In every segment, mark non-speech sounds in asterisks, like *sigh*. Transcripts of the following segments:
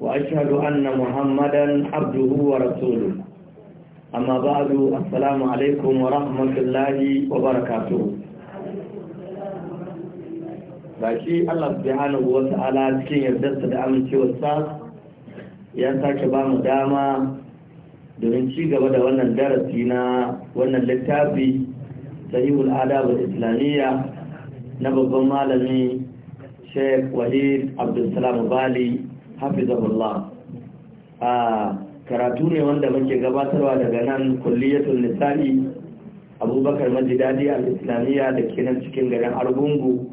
وأشهد أن محمدا عبده ورسوله أما بعد السلام عليكم ورحمة الله وبركاته gashi Allah subhanahu wa ta'ala cikin yardarsa da amincewarsa ya sake bamu dama domin ci gaba da wannan darasi na wannan littafi sahihul adab islamiyya na babban malami Sheikh Walid Abdulsalam Bali hafizahullah a karatu ne wanda muke gabatarwa daga nan kulliyatul nisa'i abubakar majidadi al-islamiyya da ke nan cikin garin argungu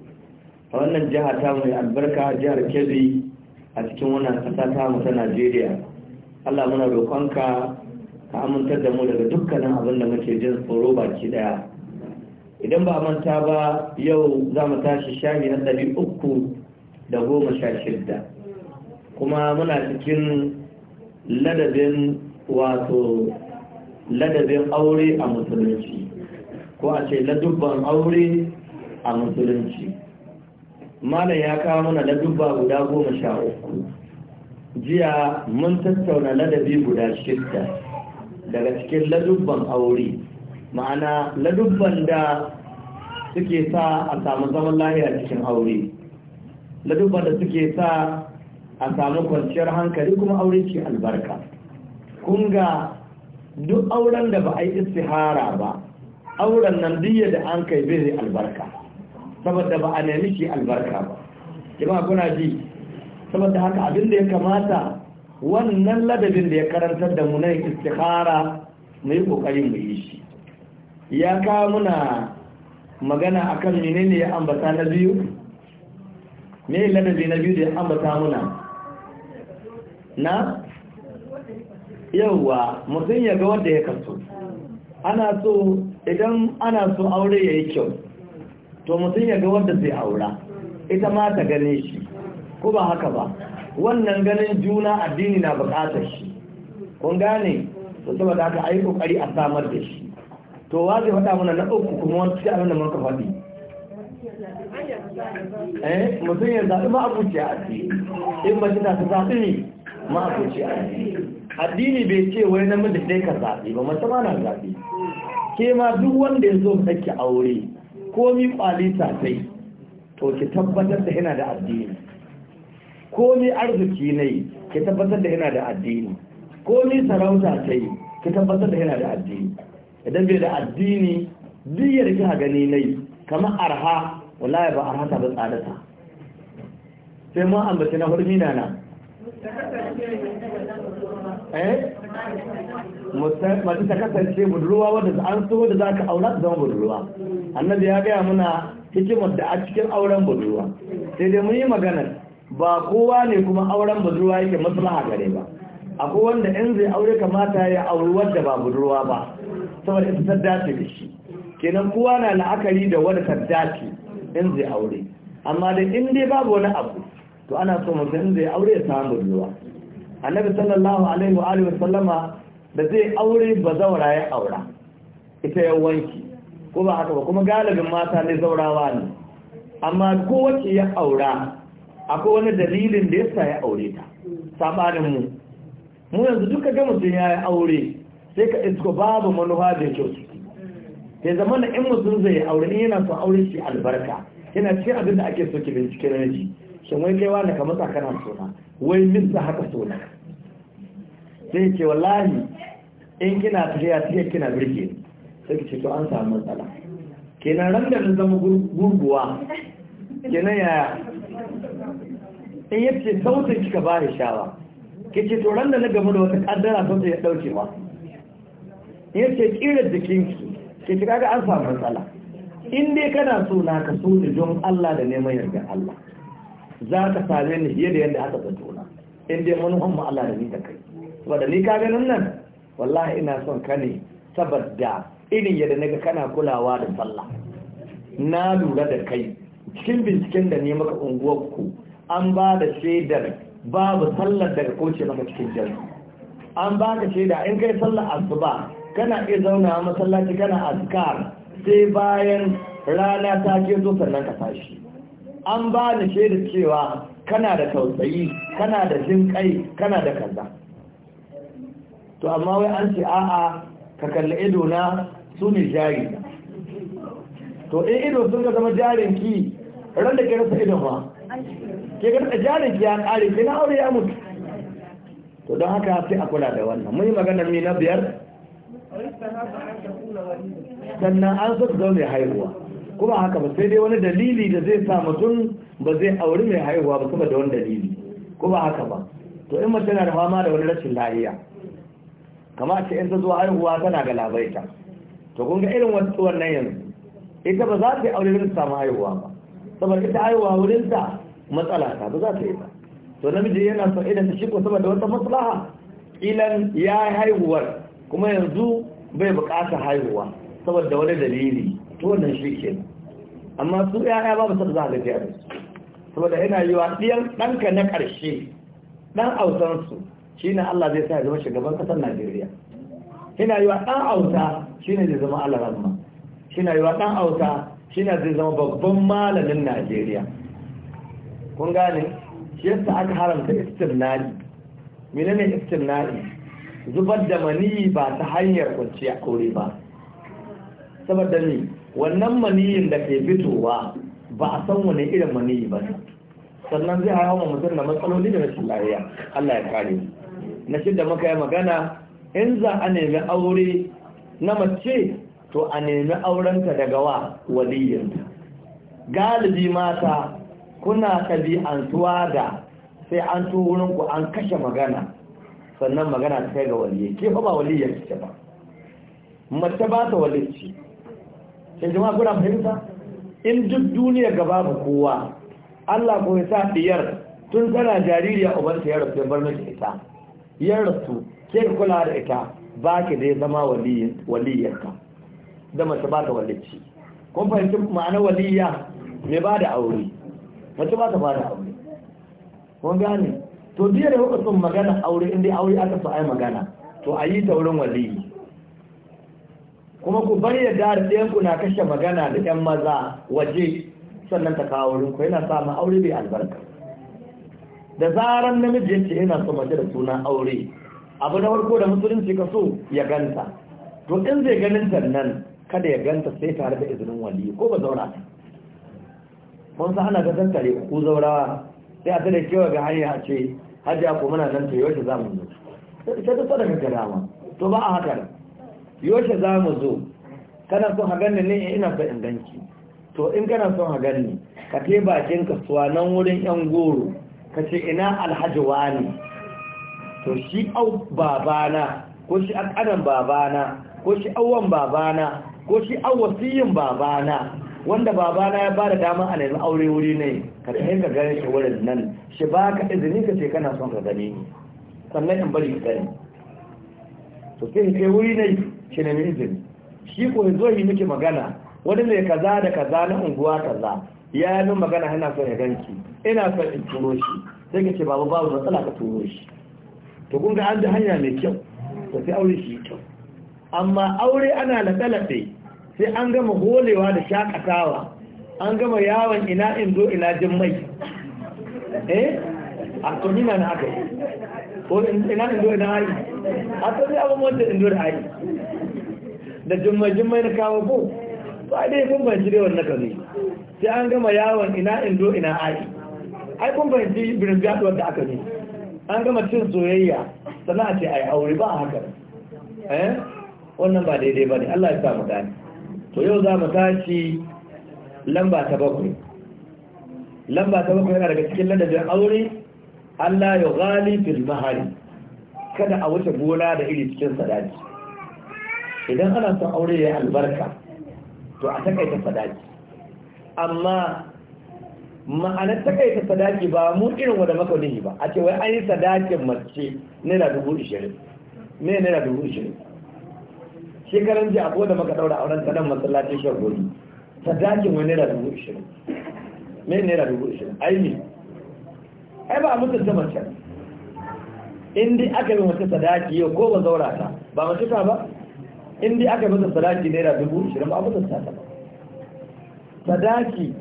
a wannan jiha ta mai albarka jihar kebbi a cikin wannan kasa ta mata najeriya allah muna roƙonka ka amintar da mu daga dukkanin abin da muke jin tsoro baki daya idan ba manta ba yau za mu tashi shahi na ɗari uku da goma sha shidda kuma muna cikin ladabin wato ladabin aure a musulunci ko a ce ladubban aure a musulunci malam ya kawo mana ladubba guda goma sha uku jiya mun tattauna ladabi guda shidda daga cikin ladubban aure ma'ana ladubban da suke sa a samu zaman lahiya cikin aure ladubban da suke sa a samu kwanciyar hankali kuma aure ce albarka kun ga duk auren da ba a yi istihara ba auren nan diya da an kai bai albarka saboda ba a nemi shi albarka ba jama'a kuna ji saboda haka abin da ya kamata wannan ladabin da ya karantar da mu na istihara mu yi kokari mu yi shi ya kawo muna magana akan menene ya ambata na biyu me ladabi na biyu da ya ambata muna na yawwa mutum ya ga wanda ya kaso ana so idan ana so aure ya yi kyau to mutum ya ga wanda zai aura ita ma ta gane shi ko ba haka ba wannan ganin juna addini na bukatar shi kun gane to saboda haka ayi kokari a samar da shi to wa zai faɗa mana na uku kuma wani cikin abin da muka faɗi eh mutum ya zaɓi ba abuciya a ciki in ba shi na ta zaɓi ne mahaifin addini bai ce wai namiji sai ka zaɓe ba mace ma na zaɓe ke ma duk wanda ya zo sake aure ko mi ta sai to ki tabbatar da yana da addini ko mi arziki ne ki tabbatar da yana da addini ko mi sarauta sai ki tabbatar da yana da addini idan bai da addini duk ya rika gani ne kamar arha wallahi ba arha ta ba tsadata sai ma ambaci na hurmina na Eh? mace ta kasance budurwa wadda an so da za ka aura da zama budurwa annabi ya gaya muna hikimar da a cikin auren budurwa sai dai mun yi maganar ba kowa ne kuma auren budurwa yake maslaha gare ba akwai wanda in zai aure kamata ya auri wadda ba budurwa ba saboda ita ta dace da shi kenan kowa na la'akari da wadda ta dace in zai aure amma da in dai babu wani abu to ana so mutum zai aure ya samu budurwa annabi sallallahu alaihi wa alihi sallama da zai aure ba zaura ya aura ita ya wanki ko ba haka ba kuma galibin mata ne zaurawa ne amma kowace ya aura akwai wani dalilin da yasa ya aure ta sabanin mu mu yanzu duka ga mutum ya yi aure sai ka isko babu manufa da su ke zama na in mutum zai aure ni yana son aure shi albarka yana ce abin da ake so ki bincike na ji shin wai kaiwa na kamar sa kana sona wai mista haka na? sai ce wallahi in kina tafiya tafiya kina birge sai ki ce to an samu matsala kenan ran da zama gurguwa kenan yaya in ce sautin kika ba ni shawa kace to ran da na gama da wata kaddara sautin ya dauke ba? ya ce kira jikinki kace kaga an samu matsala in dai kana so na ka so da don Allah da neman yarda Allah za ka same ni fiye da yadda aka zato na in dai manuhan mu Allah da ni da kai saboda ni ka ganin nan wallahi ina son ka ne saboda irin yadda naga kana kulawa da sallah na lura da kai cikin binciken da ne maka unguwarku an ba da shaidar babu sallar daga koce maka cikin jami an ba ka shaida in kai sallar asuba kana iya zauna a masallaci kana azkar sai bayan rana ta ke zo sannan ka tashi an ba ni shaidar cewa kana da tausayi kana da jin kai kana da kaza to amma wai an ce a'a ka kalli ido na su ne jari to in ido sun ga zama jarin ki ran da ke rasa ido ma ke ga jarin ki ya kare ke na aure ya mutu to don haka sai a kula da wannan mun yi magana mai na biyar sannan an so zaune zo mai haihuwa kuma haka ba sai dai wani dalili da zai sa mutum ba zai auri mai haihuwa ba kuma da wani dalili kuma haka ba to in mace na da fama da wani rashin lahiya kamar ce in ta zuwa haihuwa tana ga labaita to kun ga irin nan yanzu ita ba za ta yi aure ta samu haihuwa ba saboda ita haihuwa wurin ta matsala ta ba za ta yi ba to namiji yana son idan ta shigo saboda wata maslaha ilan ya haihuwar kuma yanzu bai bukata haihuwa saboda wani dalili to wannan shi ke amma su yaya ba su za a gajiya da su saboda yana yi wa ɗiyan ɗanka na ƙarshe ɗan ausansu shi ne Allah zai sa ya zama shugaban ƙasar Najeriya yana yi wa ɗan auta shi ne zai zama Allah ramma shi na yi wa ɗan auta shi ne zai zama babban malamin Najeriya kun gane shi yasa aka haramta istirnali menene istirnali zubar da mani ba ta hanyar kwanciya aure ba saboda ni wannan maniyin da ke fitowa ba a san wani irin maniyi ba sannan zai hawa mutum da matsaloli da rashin lafiya Allah ya kare na da muka yi magana in za a nemi aure na mace to a nemi aurenta daga wa waliyinta galibi mata kuna tuwa da sai an tu ku an kashe magana sannan magana ta kai ga waliyi ke ba waliyar ce ba mace ba ta waliyi sai jama'a kuna fahimta in duk duniya gaba ba kowa Allah ko ya sa tun tana jaririya ubanta ya rasu ya bar miki ita ya rasu ke kula da ita ba ki dai zama waliyarka da mace ba ta walici kun fahimci ma'ana waliyya mai ba da aure mace ba ta ba da aure kun gane to biya da hukun magana aure inda aure aka so ai magana to a yi ta wurin waliyi kuma ku bari da dare ku na kashe magana da 'yan maza waje sannan ta kawo wurin ku yana samun aure bai albarka da zaran namiji ce yana so mace da sunan aure abu na farko da musulunci ka so ya ganta to in zai ganin ta nan kada ya ganta sai tare da izinin wali ko ba zaura ta mun san ana gazan tare ku zaura sai a tare kewa ga hanya a ce hajji ko muna nan ta yau za mu zo sai ta sadaka ta dama to ba a haka yaushe za mu zo kana son hagan ne ne ina son in ganki to in kana son hagan ne ka ke bakin kasuwa nan wurin yan goro ka ce ina alhaji wani to shi au babana ko shi akanan babana ko shi auwan babana ko shi awasiyin babana wanda babana ya bada dama a nemi aure wuri ne ka ta ka gane shi wurin nan shi ba ka izini ka ce kana son ka gane ni sannan in bari ka gani to sai kai wuri ne shi nemi izini shi ko zo yi miki magana wani mai kaza da kaza na unguwa kaza ya yi min magana yana son ya ganki ina son in tuno shi sai ka ce babu babu matsala ka tuno shi to kun ga an da hanya mai kyau to sai aure shi kyau amma aure ana laɗe-laɗe sai an gama holewa da shakatawa an gama yawon ina in zo ina jin mai eh a tonina na aka yi ko ina in zo ina hayi a toni abubuwan da in zo da ayi da Jummai, Jummai na kawo ko ba dai kun banci dai wannan kazi sai an gama yawon ina indo ina ai ai kun banci birin gaɗuwar da aka ne an gama cin soyayya sana'a ce ai aure ba a haka eh wannan ba daidai ba ne Allah ya sa mu gani to yau za mu tashi lamba ta bakwai lamba ta bakwai yana daga cikin ladabin aure Allah ya gali fil mahari kada a wuce gona da iri cikin sadaki idan ana son aure ya albarka to a takaita sadaki amma ma'anar takaita sadaki ba mu irin wanda maka nihi ba a ce wai an yi sadakin mace naira dubu ishirin ne naira dubu ishirin shekaran ji abuwa da maka daura auren ta nan masallacin shagori sadakin wani naira dubu ishirin ne naira dubu ishirin ai ne ai ba a ta mace in dai aka yi mace sadaki yau ko ba zaura ta ba mace ta ba in dai aka masa sadaki naira dubu shirin ba masa sata ba. sadaki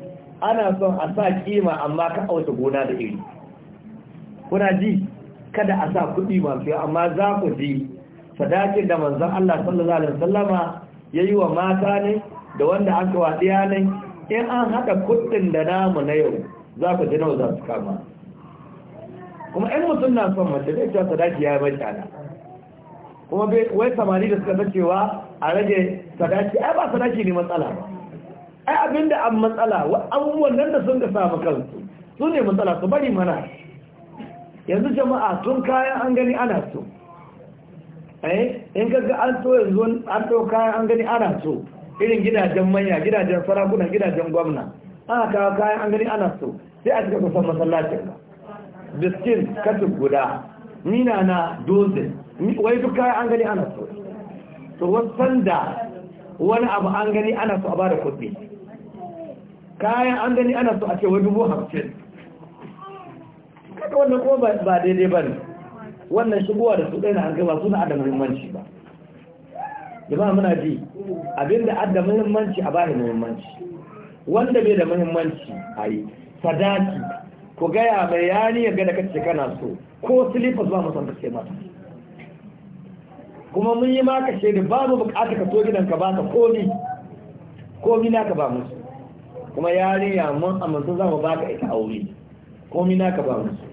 ana son a sa kima amma ka auta gona da iri kuna ji kada a sa kuɗi masu yau, amma za ku ji sadakin da manzon Allah sallallahu alaihi wasallama yayi wa mata ne da wanda aka wa ne in an haɗa kuɗin da namu na yau za ku ji nawa za su kama kuma 'yan mutum na son mace zai ta sadaki ya yi mai tsada kuma bai wai samari da suka cewa a rage sadaki ai ba sadaki ne matsala ai abinda an matsala abubuwan nan da sun ga samu kansu su ne matsala su bari mana yanzu jama'a tun kayan an gani ana so Ai eh, in ga an so yanzu an so kayan an gani ana so irin gidajen manya gidajen sarakuna gidajen gwamna ana kawo kayan an gani ana so sai a cika kusan masallacin biskin katin guda nina na dozin wai duk kaya an gani ana so to wasan da wani abu an gani ana so a ba da kuɗi kayan an gani ana so a ce wai dubu hamsin kaka wannan kuma ba daidai ba ne wannan shigowa da su ɗaya na an gaba na adda muhimmanci ba jama'a muna ji abinda adda muhimmanci a bada muhimmanci wanda bai da muhimmanci a yi sadaki ku gaya mai yari ya gada kace kana so ko slippers ba mu san kace mata kuma mun yi maka shaidu babu bukata ka so ka ba ka komi komi ka ba musu kuma yarinya mun amince za mu baka ita aure komi na ka ba musu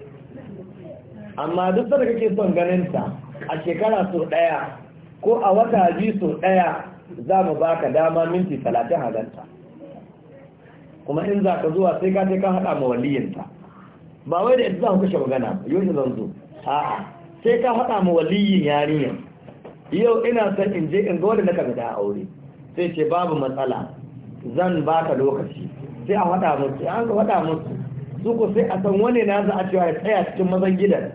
amma duk da kake son ganin ta a shekara so daya ko a wata biyu so daya za mu baka dama minti 30 hadanta kuma in za ka zuwa sai ka je ka hada ma waliyinta ba wai da yadda za ku kashe magana ba yau zan zo a'a sai ka faɗa ma waliyin yarinya yau ina san in je in ga wanda naka da aure sai ce babu matsala zan baka lokaci sai a faɗa musu an ga faɗa su ko sai a san wani na za a cewa ya tsaya cikin mazan gidan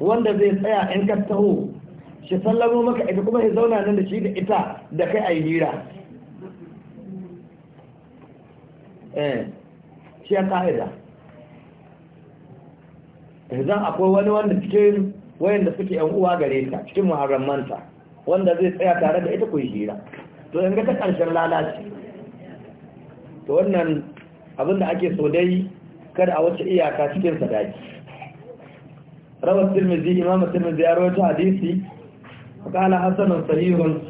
wanda zai tsaya in ka taho shi sallamo maka ita kuma ya zauna nan da shi da ita da kai a yi hira eh shi ya zan akwai wani wanda cikin wayanda suke yan uwa gare ta cikin muharramanta wanda zai tsaya tare da ita ku hira to in ga ta karshen lalaci to wannan abinda ake so dai kada a wace iyaka cikin sadaki rawar tirmidhi imam tirmidhi ya rawaito hadisi qala hasan sahihun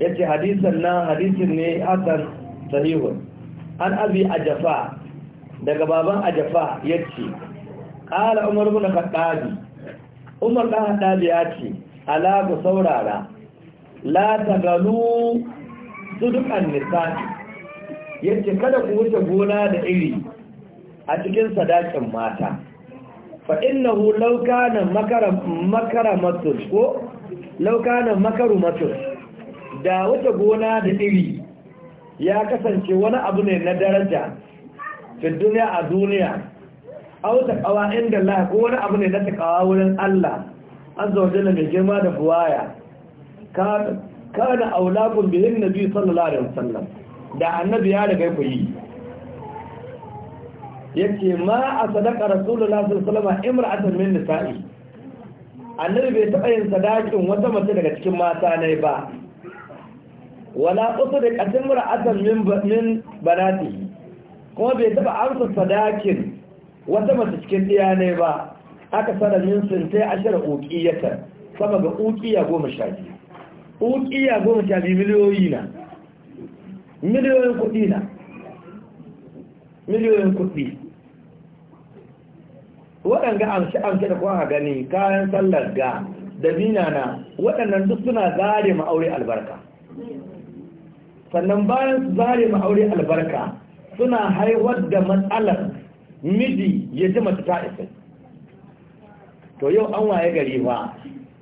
yace hadisan nan hadisin ne hasan sahihun an abi ajafa daga baban ajafa yace ƙala umar na khattabi umar ɗan ya ce ala saurara la su dukkan nisa'i yace kada ku wuce gona da iri a cikin sadakin mata fa innahu law kana makara makaramatu ko law kana makarumatu da wuce gona da iri ya kasance wani abu ne na daraja fi duniya a duniya Auta kawa inda Allah ko wani abu ne na taqawa wurin Allah azza wajalla jalla mai girma da buwaya ka kana aulakum bi annabi sallallahu alaihi wasallam da annabi ya riga ku yi yace ma a sadaka rasulullahi sallallahu alaihi wasallam imra'atan min nisa'i annabi bai taɓa yin sadakin wata mace daga cikin mata ne ba wala usri qatimra'atan min banati kuma bai taɓa amsa sadakin wata mace cikin ɗiya ne ba aka sanadin sun sai ashir uƙiyata sama ga ukiya goma sha biyu uƙiya goma sha biyu miliyoyi na miliyoyin kuɗi na miliyoyin kuɗi waɗanda amshe-amshe da kwan gani kayan sallar ga da na waɗannan duk suna zare ma'aure albarka sannan bayan su zare ma'aure albarka suna haihuwar da matsalar miji ya ji mace ta isa to yau an waye gari ba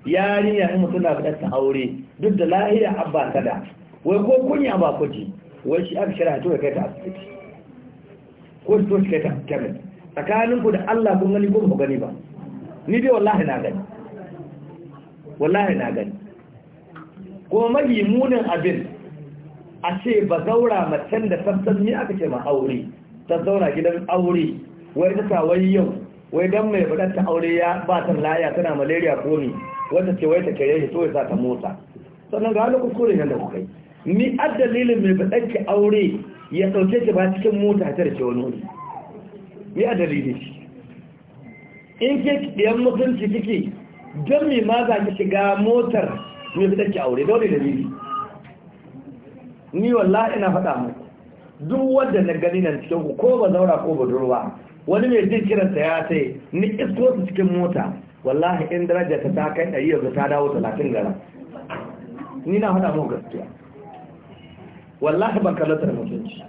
yarinya in mutum na fitar aure duk da lahiya abba ta da wai ko kunya ba kuji wai shi aka shirya to ya kai ta asibiti ko to shi kai ta kemin tsakanin ku da Allah kun gani ko ba gani ba ni dai wallahi na gani wallahi na gani ko mai munin abin a ce ba zaura macen da sassan ni aka ce ma aure ta zaura gidan aure wai ta sa wai yau wai dan mai fadar ta aure ya ba ta laya tana malaria ko ni wata ce wai ta kare shi to ya sa ta motsa sannan ga halin kuskure ne da kuka yi ni addalilin mai fadar ki aure ya dauke ki ba cikin mota ta da wani wuri ni addalilin shi in ke ɗiyan mutunci kike don mai ma za ki shiga motar mai fadar ki aure dole dalili ni wallahi ina faɗa muku duk wanda na gani nan cikin ku ko ba zaura ko ba durwa wani mai jin kiranta ya sai ni isko su cikin mota wallahi in daraja ta ta kai ɗari yanzu ta dawo talatin gara ni na haɗa mu gaskiya wallahi ban da mutunci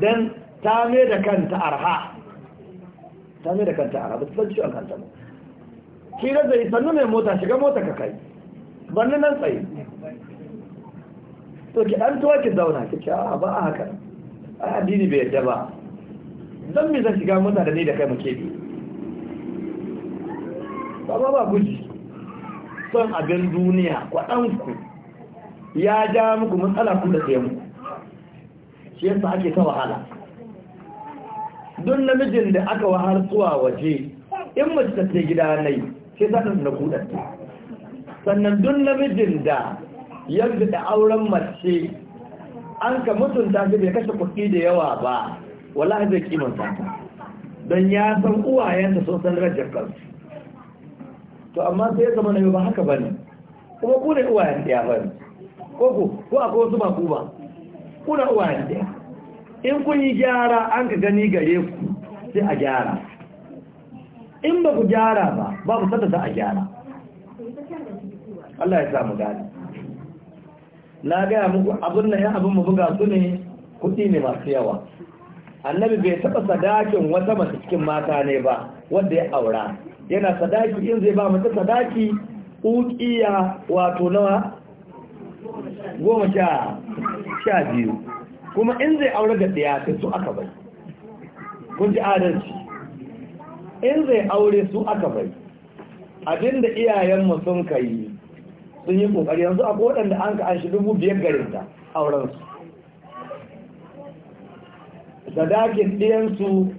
dan ta mai da kanta arha ta mai da kanta arha ba su san ciwon kanta ba da zai sannu mai mota shiga mota ka kai banni nan tsaye to ki ɗan tuwa ki zauna ki ce ba a haka addini bai yadda ba don mai zan shiga muna da ne da kai mu keɓe ba ba ba guji son abin duniya kwaɗanku ya ja muku matsala ku da sayan shi yasa ake ta wahala don namijin da aka wahar tsuwa waje in mace ta ce gida nai sai ta ɗan da kuɗatta sannan don namijin da yadda da auren mace an ka mutunta shi bai kashe kuɗi da yawa ba wallahi zai kimanta ta don ya san uwayenta sun san rajar kansu to amma sai ya zama na ba haka ne kuma kuna ne uwayen ɗaya bane ko ku ko akwai wasu ba ku ba kuna na uwayen ɗaya in kun yi gyara an ka gani gare ku sai a gyara in ba ku gyara ba ba ku sanda za a gyara Allah ya sa mu gani na gaya muku abin na ya abin mu buga su ne kuɗi ne masu yawa annabi bai taɓa sadakin wata mace cikin mata ne ba wanda ya aura yana sadaki in zai ba mace sadaki ukiya wato nawa goma sha sha biyu kuma in zai aure da ɗaya sai su aka bai kun ji adalci in zai aure su aka bai abinda iyayenmu sun kai sun yi ƙoƙari yanzu akwai waɗanda an ka an shi dubu biyar garinta aurensu sadakin ɗiyansu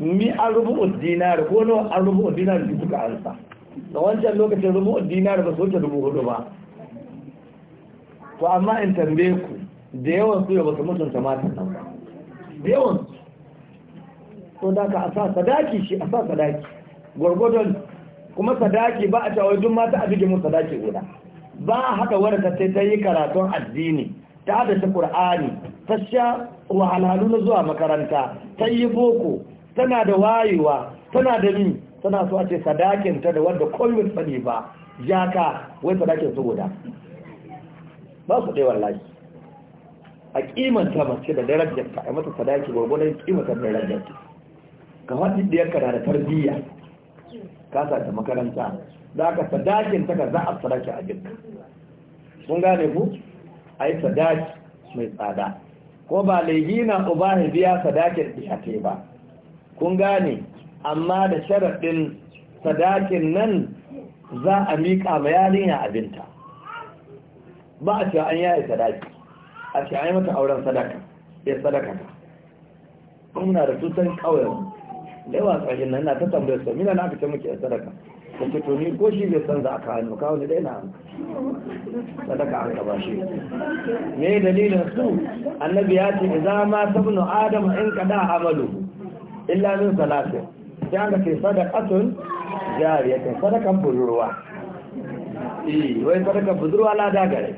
mi an rubu'ud dinar ko nawa an rubu'ud dinar da suka ansa da wancan lokacin rubu'ud dinar ba su wuce dubu hudu ba to amma in tambaye ku da yawan su ba su mutunta matan nan ba da yawan su to da ka asa sadaki shi asa sadaki gwargwadon kuma sadaki ba a cewa duk mata a bige mu sadaki guda ba a haka wadda ta ta yi karatun addini ta da ta qur'ani ta sha wahalhalu na zuwa makaranta ta yi boko tana da wayewa tana da ni tana so a ce sadakinta da wanda kullum sani ba ya ka wai sadakin su guda ba su ɗaya wallahi a kimanta mace da darajarta a mata sadaki gwargwadon ƙimanta da darajarta ka faɗi da na da tarbiyya ka sa ta makaranta za ka sadakin ta ka za a sadaki a duk mun gane ku a yi sadaki mai tsada ko ba laihina uba ba biya sadakin ɗiyate ba kun gane amma da sharaɗin sadakin nan za a miƙa ma ya abinta ba a ce an yaya sadaki a ce an yi mata auren sadaka ya sadaka ta kuma na da tutan ƙauyen da yawa tsakin nan na ta tambayar samina na aka ce muke sadaka kace to ni ko shi bai san za a kawo kawo ni dai na sadaka an gaba shi me dalilin su annabi ya ce idza ma tabnu adam in kada amalu illa min salatin sai an ce sadaqatun ta sadaka budurwa eh wai sadaka budurwa la da gare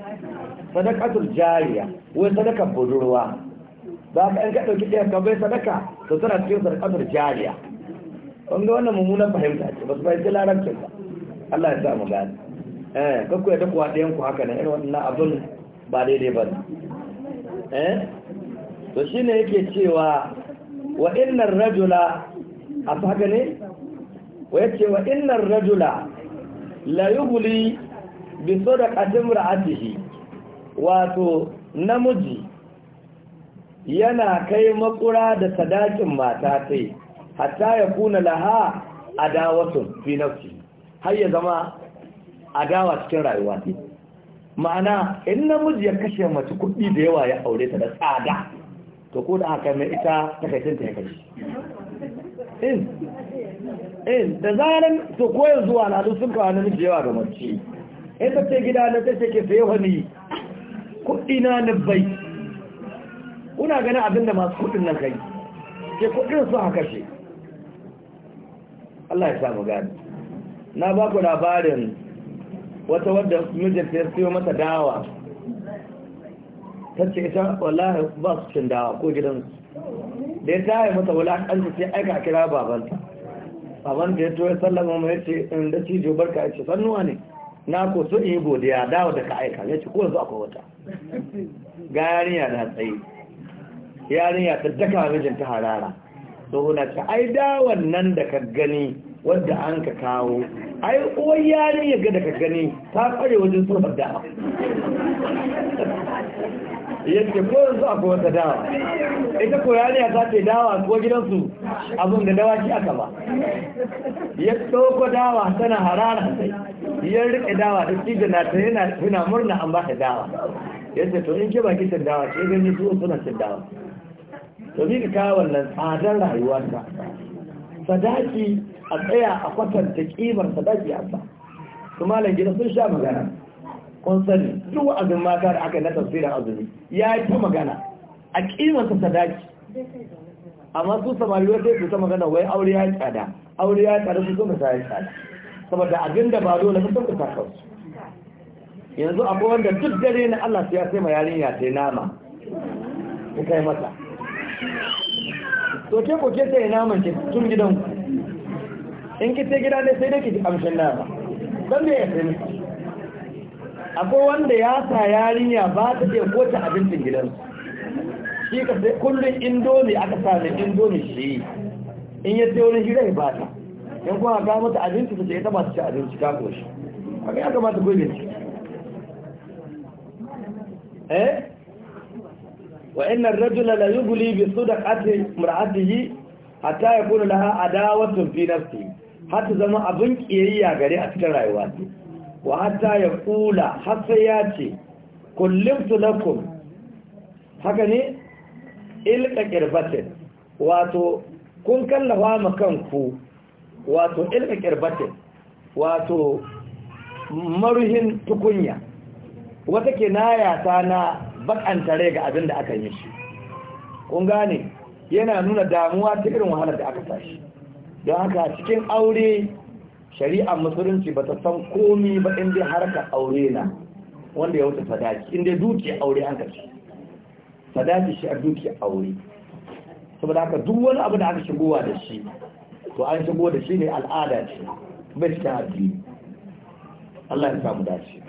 sadaqatul jariya wai sadaka budurwa ba ka an ka dauki ɗaya ka bai sadaka to tana cikin sadaqatul jariya wanda wannan mummunan fahimta ce ba su fahimci larabcin ba Allah ya sa mu gane eh kakku ya ta kuwa ɗayan ku haka na irin wannan abin ba daidai ba eh to shine yake cewa wa innan rajula a haka ne wa yace wa innan rajula la yughli bi sadaqati ra'atihi wato namiji yana kai makura da sadakin mata sai. hatta ya kuna laha adawatun fi nafsi har ya zama adawa cikin rayuwa ne ma'ana in namiji ya kashe mace kuɗi da yawa ya aure ta da tsada to ko da haka mai ita takaitinta ya kashe in in da zaran to koyar yanzu na duk sun kawo namiji yawa ga mace in ta ce gida na ta ce ke sayo wani kuɗi na nabbai kuna ganin abinda masu kuɗin nan kai ke kuɗin su haka shi Allah ya samu gani na ba ku labarin wata wadda mijinta ya siyo mata dawa ta ce ita wallahi ba su cin dawa ko gidansu da ya taye mata wulaƙanci sai aika kira babanta baban da ya toye sallama mai ce in da cijo barka ya ce sannuwa ne na ko so in yi godiya dawa da ka aika ya ce ko zuwa akwai wata ga yarinya na tsaye yarinya ta daka mijinta harara suna ta ai dawan nan da ka gani wanda an ka kawo ai uwar yari ya ga da ka gani ta kware wajen tsohon dawa *laughs* yadda ko yanzu akwai wata dawa ita ko ya ta ce dawa ko gidansu abin da dawa shi aka ba ya tsoko dawa tana harara sai ya riƙe dawa da shi na ta yana murna an ba ta dawa yadda to in ke ba kitan dawa ce gani su suna cin dawa domin ka wannan tsadar rayuwarsa sadaki a tsaya a kwatanta kimar sadaki a sa su malam gida sun sha magana kun sani duk wa'azin mata da aka na tafsirin azumi ya yi ta magana a kimarsa sadaki amma su samari wata su ta magana wai aure ya tsada aure ya tsada su sun ta tsada saboda abin da ba dole sun ta kansu yanzu akwai wanda duk dare na Allah sai ya sai ma yarinya sai nama ta kai mata to ke ko ke sai naman ke tun gidan ku in ki sai gida ne sai dai ki ji kamshin nama dan me ya sani akwai wanda ya sa yarinya ba ta ce ko ta abincin gidan shi ka sai kullun indomi aka sa ne indomi shi in ya sai wani gidan ba ta in kuma ga mata abinci ta ce ta ba ta ci abinci ka koshi haka ya kamata ko ne eh Waɗannan radiyon da lauyuguri bai so da ƙarfin mara asali yi? -Hattaya Kulu da ha'adawancin zama abin ƙiyayya gare a cikin rayuwa ce. -WaHattayan Kula Hassan ya ce, "Kullum su na kun, hakan ne? "Ilka ƙirga wato "Kun kalla wama kanku, wato ilka ƙirga wato maruhin tukunya." -Wataƙi na ya na. bakanta rai ga abin da aka yi shi kun gane yana nuna damuwa ta irin wahalar da aka tashi don haka cikin aure shari'ar musulunci ba ta san komi ba in dai harkar aure na wanda ya wuce sadaki in dai dukiyar aure an kashi sadaki shi a dukiya aure saboda haka duk wani abu da aka shigowa da shi to an shigo da shi ne al'ada ce bai cikin addini Allah ya samu dace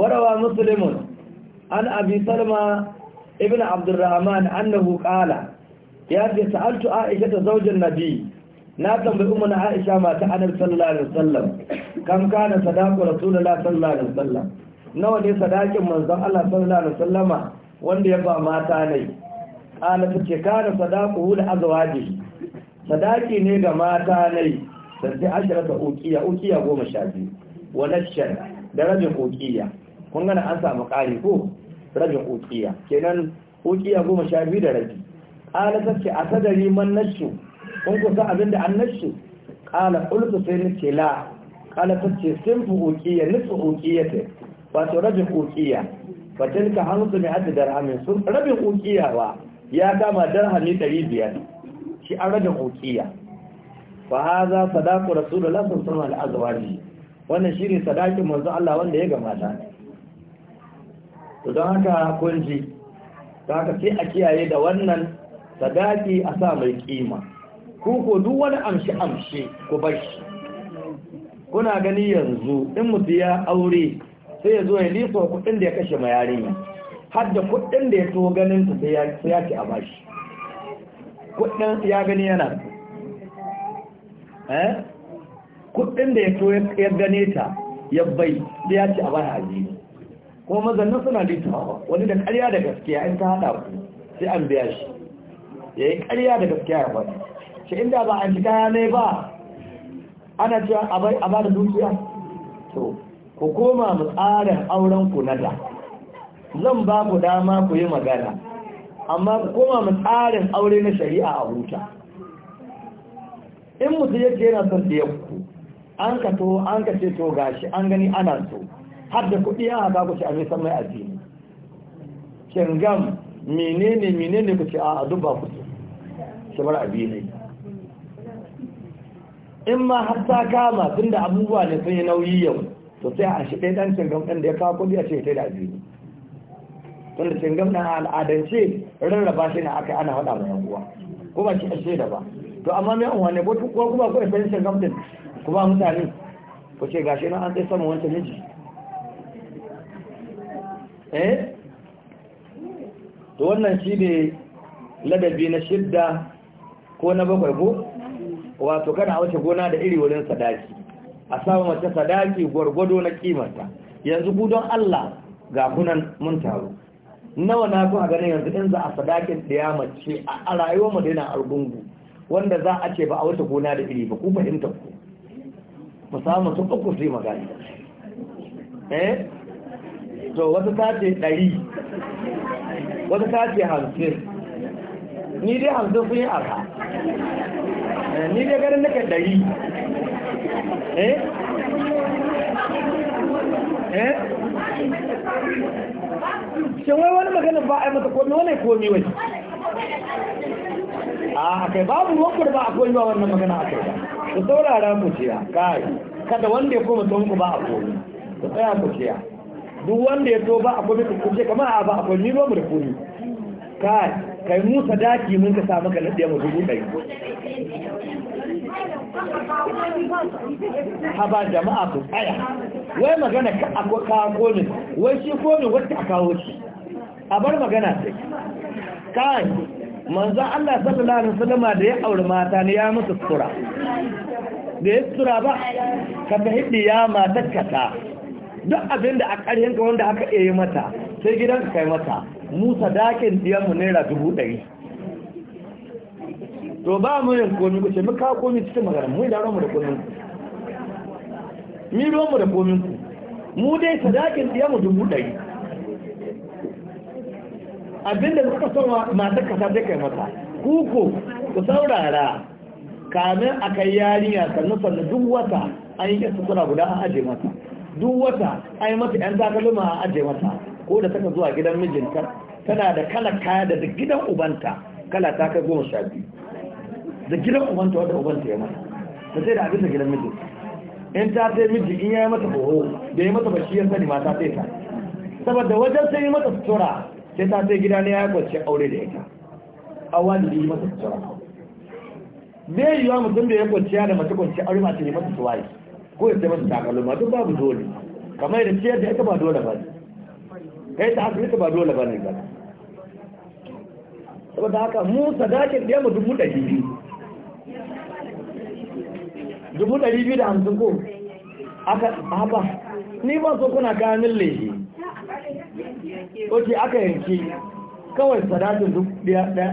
warawa muslimun an abi salma ibn abdurrahman annahu qala ya ce sa'altu aisha ta zaujin nabi na tambayi umma na aisha mata annabi sallallahu alaihi wasallam kam kana sadaqu rasulullahi sallallahu alaihi wasallam nawa ne sadakin manzon Allah sallallahu alaihi wasallama wanda ya ba mata ne qala ta ce kana sadaquhu li azwaji sadaki ne ga mata ne sai ashirata uqiya uqiya 12 wa nashar darajin uqiya kun gana an samu ƙari ko rabin ƙuƙiya kenan ƙuƙiya goma sha biyu da rabi ƙala ta a sadari man nashu kun kusa abin da an nashu ƙala ƙulsu sai ni ce la ƙala ta sun fi ƙuƙiya nufi ƙuƙiya ta wato rabin ƙuƙiya ba tilka hamsu mai hajji darhamin sun rabin ƙuƙiya ba ya kama darhami ɗari biyar shi an rabin ƙuƙiya fa haza sadaku rasulullahi sallallahu alaihi wasallam al-azwaji wannan shine sadakin manzo Allah wanda ya gamata to don haka kunji don haka sai a kiyaye da wannan sadaki a sa mai kima ku ko duk wani amshi amshi ku bar shi kuna gani yanzu in mutu ya aure sai ya zo ya liso kudin da ya kashe ma yarinya har da kudin da ya to ganin ta sai ya ci a bashi kudin ya gani yana eh kudin da ya to ya gane ta ya bai sai ya ci a bai kuma mazannin suna littawa wani da ƙarya da gaskiya in ta haɗa ku sai an biya shi ya yi ƙarya da gaskiya ya faɗi shi inda ba an shiga ne ba ana cewa a ba da dukiya to ku koma mu tsarin auren ku na da zan ba ku dama ku yi magana amma ku koma mu tsarin aure na shari'a a huta in mutum yake yana son da yanku an ka to an ka ce to gashi an gani ana so har da kuɗi yana ba ku ci abin san mai addini kin gam menene menene ku ce a duk ba ku ci bar addini in ma har ta kama da abubuwa ne sun yi nauyi yau to sai a shi ɗaya ɗan gam ɗan da ya kawo kuɗi a ce ta da addini tunda na ɗin al'adance rarraba shi na aka ana faɗa mai yankuwa kuma shi ashe da ba to amma mai unwa ne ko kuma ko a fahimtar gamtin kuma mutane ko ce gashi na an tsaye sama wancan miji eh to wannan shi ne ladabi na shidda ko na bakwai ko wato kana wuce gona da iri wurin sadaki a samu mace sadaki gwargwado na kimanta yanzu ku Allah ga kunan mun taro nawa na a ganin yanzu in za a sadakin ɗaya mace a rayuwar mu daina argungu wanda za a ce ba a wuce gona da iri ba ku fahimta ku mu samu sun uku sai magana eh to wata ta ce ɗari wata ta ce hamsin ni dai hamsin sun yi arha eh, ni dai ganin nake ɗari eh eh shin wai wani magana ba a yi mata komi wani komi wani a ah, kai babu wanku ba a komi ba wannan magana a kai ba ku saurara ku ciya kai kada wanda ya koma ku ba a komi ku tsaya ku ciya duk wanda ya zo ba a kome kukurce kamar a ba a kwanni ba mu da kuni kai kai musa daki mun ka samu ka ladiya mu dubu ɗari ha ba jama'a ku tsaya wai magana ka a kawo komin wai shi komin wata a kawo shi a bar magana sai kai manzo Allah sallallahu alaihi wasallam da ya aure mata ne ya musu sura da ya sura ba ka ta hiddi ya matar duk abin da a ƙarhin ka wanda aka iya mata sai gidan ka kai mata musa dakin diyan mu naira dubu ɗari to ba mu yin komi ku ce mu ka komi cikin magana mu da ranar da komi ku mi ruwan mu da komi ku mu dai sadakin diyan mu dubu ɗari abinda kuka son masu kasa zai kai mata kuku ku saurara kamin a kai yarinya sannu sannu duk wata an yi kisa suna guda a aje mata duk wata ai mata yan takalma a aje mata ko da taka zuwa gidan mijinta tana da kala kaya da gidan ubanta kala ta kai goma sha biyu da gidan ubanta wanda ubanta ya mata ta sai da abin da gidan mijinta in ta sai miji in ya yi mata boho da ya mata bashi yan sani mata sai ta saboda wajen sai yi mata sutura sai ta sai gida ne ya kwace aure da ita a wani yi mata sutura zai wa mutum da ya kwanciya da mace kwanci aure ta yi mata suwaye ko ya sai masa takalma duk babu dole kamar da ciyar da ita ba dole ba ne kai ta asibiti ba dole ba ne ba saboda haka mu sadakin da yamma dubu ɗari biyu dubu ɗari biyu da hamsin ko aka haba ni ba so kuna ganin laifi ce aka yanki kawai sadakin duk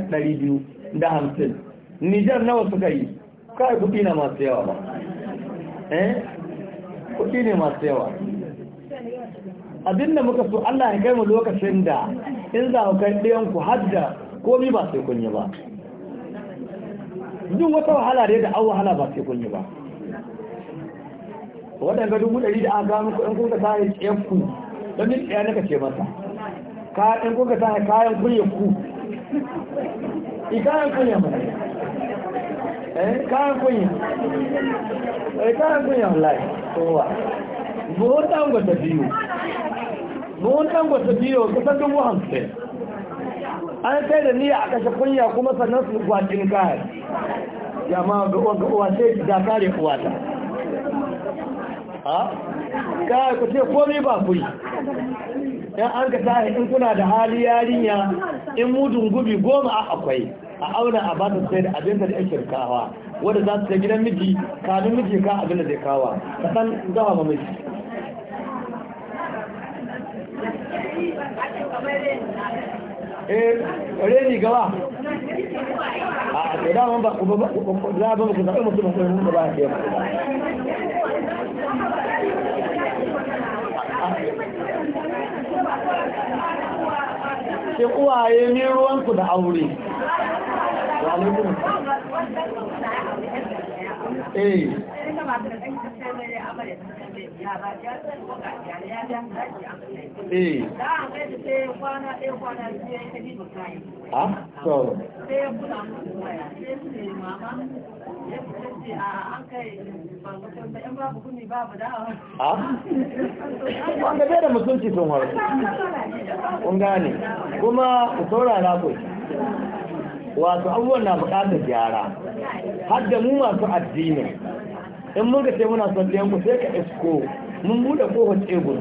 ɗari biyu da hamsin nijar nawa suka yi kawai kuɗi na masu yawa ba eh kuɗi ne masu yawa abinda muka so Allah ya kai mu lokacin da in za ku kai ɗayan ku hadda komi ba sai kun yi ba duk wata wahala da an wahala ba sai kun yi ba ga dubu ɗari da aka gano in kuka ta yi ku don ni ɗaya naka ce masa in kuka ta yi kayan kunya ku i kayan mai kayan kunya wallahi kowa buhun ɗan gwata biyu buhun ɗan gwata biyu kusan dubu hamsin an kai da n'i a kashe kunya kuma sannan su gwajin kayan yamma ga uwa sai da kare uwata ha kayan ku ce komi ba ku yi yan an ka tahi in kuna da hali yarinya in mudun gubi goma a akwai a auna a ba ta sai da abin da yake kawa wanda za su ta gidan miji kamin miji ka abin da zai kawa ka san gawa ma miji eh reni gawa a to da ba ku ba za ba ku zaɓi mutum ko mun ba ke Ke ah. uwaye ne ruwanku da aure eh wanda da mutunci sun haru kuma ku saurara ku wato abubuwan na buƙatar gyara har da mu masu addini in mun gace muna son ku sai ka isko mun bude kofar tebur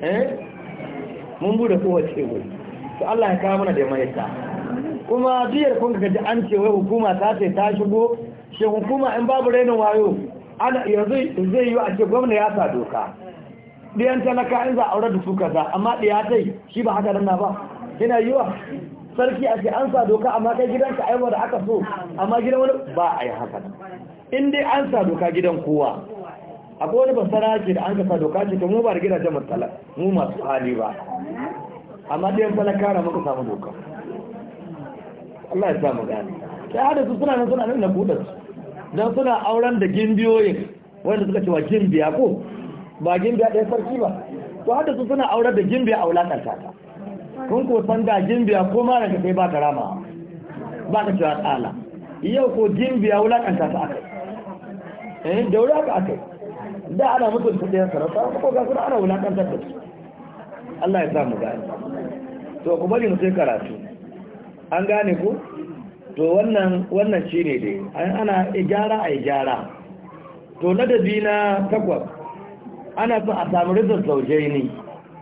eh mun bude kofar tebur to Allah ya kawo mana da mahita kuma biyar kun ga ji an ce wai hukuma ta ce ta shigo shi hukuma in babu rainin wayo ana yanzu zai yi a ce gwamna ya sa doka diyan talaka in za a aure da su kaza amma diya tai shi ba haka nan ba yana yiwa sarki a ce an sa doka amma kai gidanka aiwa da aka so amma gidan wani ba a yi haka in dai an sa doka gidan kowa akwai wani basara ke da an ka sa doka ce ta mu ba da gidajen matsala mu masu hali ba amma dai yan talaka kara muka samu doka Allah ya sa mu gane sai hada su suna nan suna nan na buɗe su dan suna auren da gimbiyoyin wanda suka ce wa gimbiya ko ba gimbiya ɗaya sarki ba to hada su suna auren da gimbiya a wulakanta ta kun ko san da gimbiya ko ma daga kai ba rama ba ka cewa tsala yau ko gimbiya wulakanta ta akai eh da wuri aka akai da ana mutum su ɗaya sarauta ko ga su ana wulakantar da su Allah ya sa mu gane to ku bari mu sai karatu an gane ku to wannan wannan shine dai ana gyara a gyara to ladabi na takwas ana so a samu rizar zaujai ne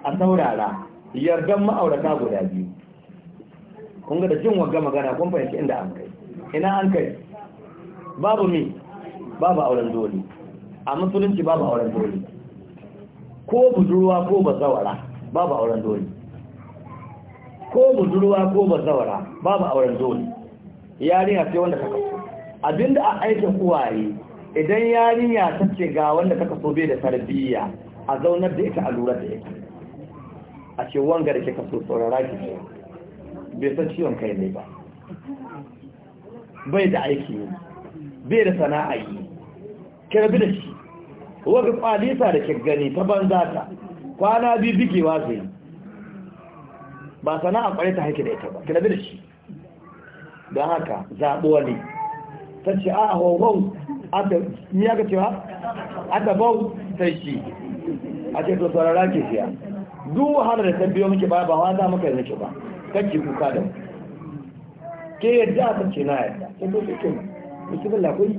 a saurara yardan ma'aurata guda biyu kun ga da jin wagga magana kun fahimci inda an kai ina an kai babu mi babu auren dole a musulunci babu auren dole ko budurwa ko bazawara babu auren dole ko budurwa ko bazawara babu auren dole yarinya ce wanda ta kaso abinda a aikin kuwaye idan yarinya ta ce ga wanda ta kaso bai da tarbiyya a zaunar da ita a lura da ita a ce wanga da ke so saurara ki ce bai san ciwon kai ne ba bai da aiki ne bai da sana'a yi kirbi da shi wanga kwalisa da ke gani ta banza ta kwana biyu bigewa zai ba sana'a kwarai ta haike da ita ba kirbi da shi don haka zaɓo ne ta ce a hau ni ya ga cewa a ta sai shi a ce to saurara ke siya duk wahala da san biyo ba ba wa za maka zaki ba kake kuka da ke yadda aka ce na yadda ke so ke bismillah kuyi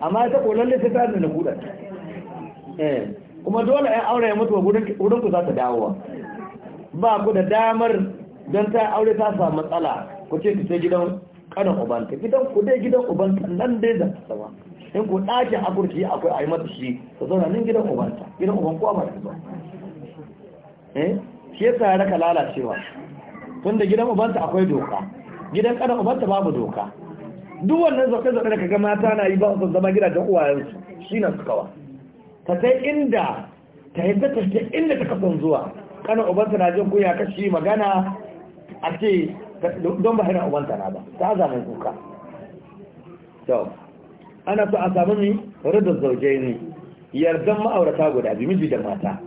amma ta ko da sai ta da kuɗa eh, kuma dole ya aure ya mutu wa gudun ku za ta dawowa ba ku da damar don ta aure ta samu matsala ku ce ki sai gidan kanin ubanta gidan ku dai gidan ubanta nan dai ta sama in ku ɗakin akurki akwai a yi mata shi ta zauna nan gidan ubanta gidan uban kowa ba ta Eh? shi yasa ya raka lalacewa tunda gidan ubanta akwai doka gidan kadan ubanta babu doka duk wannan zaune zaune da kaga mata na yi ba su zama gidajen uwayensu shi na suka kawa ta sai inda ta yadda ta inda ta kasan zuwa kanan ubanta na jin kuya kashi magana a ce don ba hana ubanta na ba ta zama doka. kuka ana so a samu ni rudar zaujeni ne yardan ma'aurata guda biyu miji da mata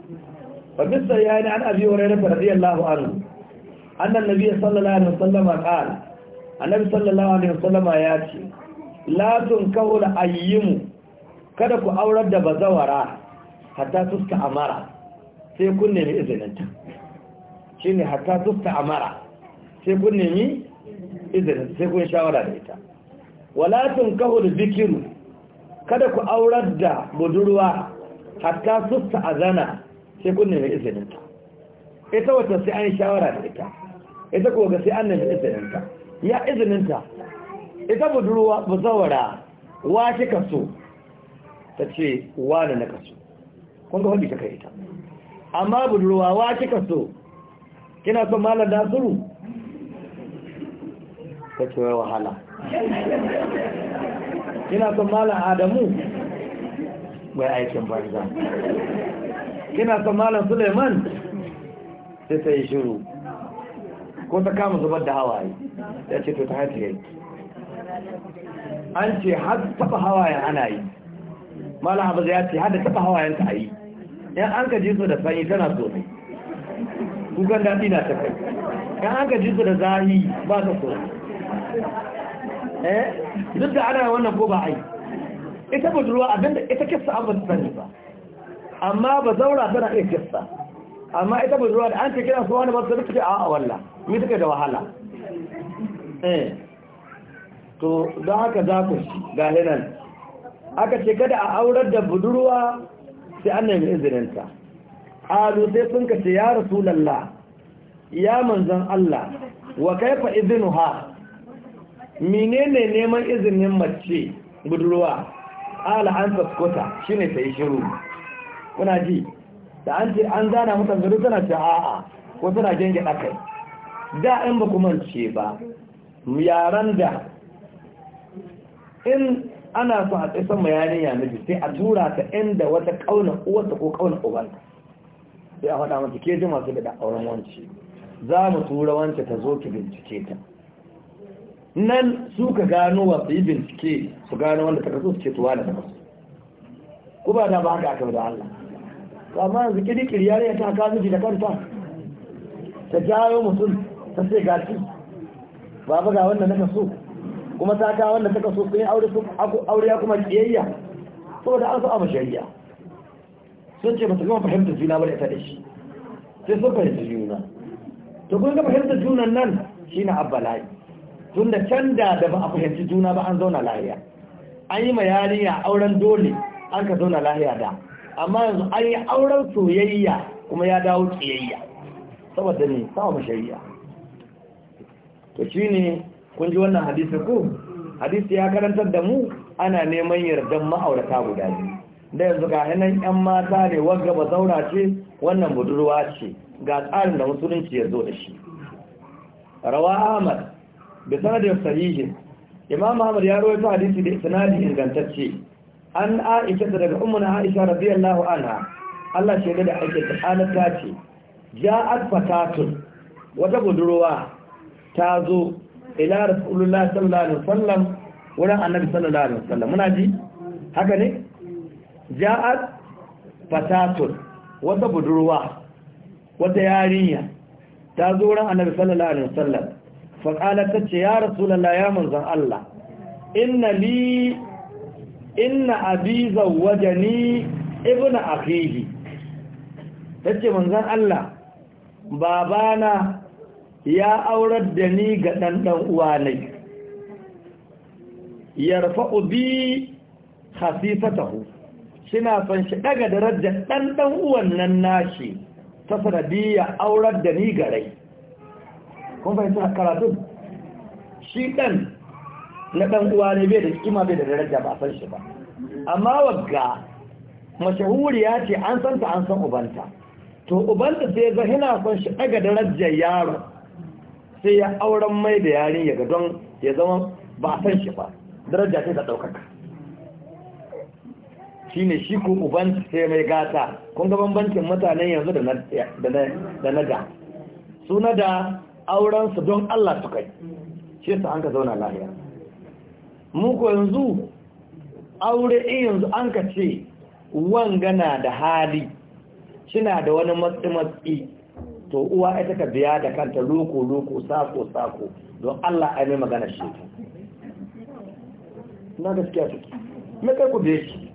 فمثل يعني عن أبي هريرة رضي الله عنه أن النبي صلى الله عليه وسلم قال النبي صلى الله عليه وسلم ياتي لا تنكه الأيم kada ku aurar da bazawara hatta tuska amara sai kun nemi izininta shi ne hatta tuska amara sai kun nemi izininta sai kun shawara da ita walatun kahul bikiru kada ku aurar da budurwa hatta a zana. sai kunne nemi izininta ita wata sai an shawara da ita ita kuwa ga sai an nemi izininta ya izininta ita budurwa zawara wa ki kaso ta ce wani na kaso kun ga wadda ta kai ita amma budurwa wa ki kaso kina son malar nasiru ta ce wai wahala kina son malar adamu mai aikin banza kina son malam suleiman sai ta yi shiru ko ta kama zubar da hawaye ya ce to ta haifi yayi an ce har taba hawayen ana yi malam abu ya ce har da taba hawayen ta yi yan an ka jinsu da sanyi tana so ne kukan daɗi na ta kai yan an ka jinsu da zahi ba ta so eh duk da ana wannan ko ba ai ita budurwa abinda ita kissa abin ba ta ba amma ba zaura tana iya kista amma ita ba zuwa da an ce kira su wani ba su a wallah mi suka da wahala eh to don haka za ku ga hinan aka ce kada a aurar da budurwa sai an nemi izininta alu sai sun ka ya ya lalla, ya manzan Allah wa kaifa izinuha menene neman izinin mace budurwa ala an shi shine ta yi shiru kuna ji da an ce an zana mutan zuru tana ce a'a ko tana jenge ɗakai da in ba kuma ce ba yaran da in ana so a tsaye ma yanin ya sai a tura ta inda wata ƙauna uwarta ko ƙauna ubanta sai a faɗa mata ke ji masu da auren wanci za mu tura wance ta zo ki bincike ta nan su ka gano wa yi bincike su gano wanda ta kaso su ce tuwa da ta kaso ku ba ta ba haka aka da Allah amma yanzu kirikir yare ta ka miji da kanta ta jawo mutum ta sai gaci baba ga wanda naka so kuma ta ka wanda ta so sun yi aure aure ya kuma kiyayya saboda an so a mashariya sun ce gama fahimtar juna bane ta da shi sai sun fahimta juna to kun ga fahimtar junan nan shine abba layi tun da can da da ba a fahimci juna ba an zauna lahiya an yi ma a auren dole an ka zauna lahiya da amma yanzu an yi auren soyayya kuma ya dawo tsiyayya saboda ne sawa mashari'a to shi ne kun ji wannan hadisi ku hadisi ya karantar da mu ana neman yardan ma'aurata guda ne da yanzu ga hannun 'yan mata ne wadda ba zaura ce wannan budurwa ce ga tsarin da musulunci ya zo da shi rawa ahmad bi sanadin sahihin imam ahmad ya rawaito hadisi da isnadi ingantacce an aisha da daga ummuna aisha radiyallahu anha Allah shi da ake tsakanin ta ce ja'at fatatun wata budurwa ta zo ila rasulullah sallallahu alaihi wasallam wurin annabi sallallahu alaihi wasallam muna ji haka ne ja'at fatatun wata budurwa wata yarinya ta zo wurin annabi sallallahu alaihi wasallam fa qalat ta ce ya rasulullah ya manzon Allah inna li inna abiza zawwajani ibnu akhihi tace manzon Allah babana ya aurar da ni ga dan dan uwa ne yarfa'u bi khasifatahu sina san shi daga darajar dan dan uwan nan nashi ta sanadiyya aurar da ni ga rai kun fahimta karatun shi dan na ɗan uwa ne bai da kima bai da daraja ba san shi ba amma wagga mashahuriya ce an san ta an san ubanta to ubanta sai ga hina son shi daga darajar yaro sai ya auren mai da yarin ya ga don ya zama ba san shi ba daraja sai ta ɗaukaka shi ne shi ko uban sai mai gata kun ga bambancin mutanen yanzu da na da su na da aurensu don Allah su kai shi sa an ka zauna lahiya muku yanzu aure in yanzu an ka ce wangana da hali suna da wani matsi-matsi to uwa ita ka biya da kanta loko-loko sako-sako don Allah a yi magana shi na gaskiya suke na kai ku biye shi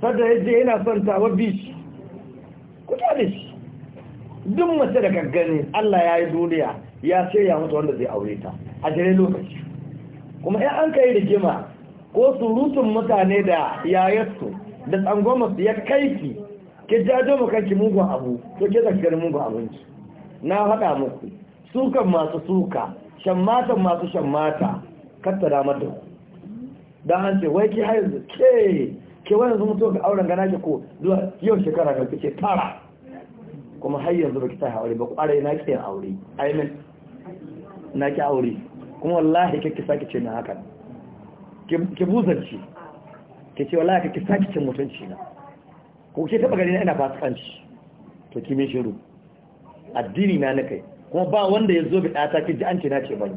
sadda yaje yana son tawa bishi ku ta da shi duk masu da gaggani Allah ya yi duniya ya ce ya mutu wanda zai aure ta a jere lokaci kuma ya an kai rigima ko surutun mutane da yayarsu da tsangoma su ya kaifi, ki jajo mu kanki mugun abu to ke zakar mugun abinci na haɗa muku sukan masu suka shammatan masu shammata kattara mata Da an ce wai ki haizu ke ke wani zuwa mutu ga auren gana ki ko zuwa yau shekara ka fice tara kuma har yanzu ba ki ta aure ba kwarai na ki yin aure aimin na ke aure kuma wallahi kake saki ce na haka ki buzarci ki ce wallahi kake saki ce mutunci na ko ke taba gari na ina fasikanci to kime shiru addini na na kai kuma ba wanda ya zo bi ɗata ki ji an ce na ce bani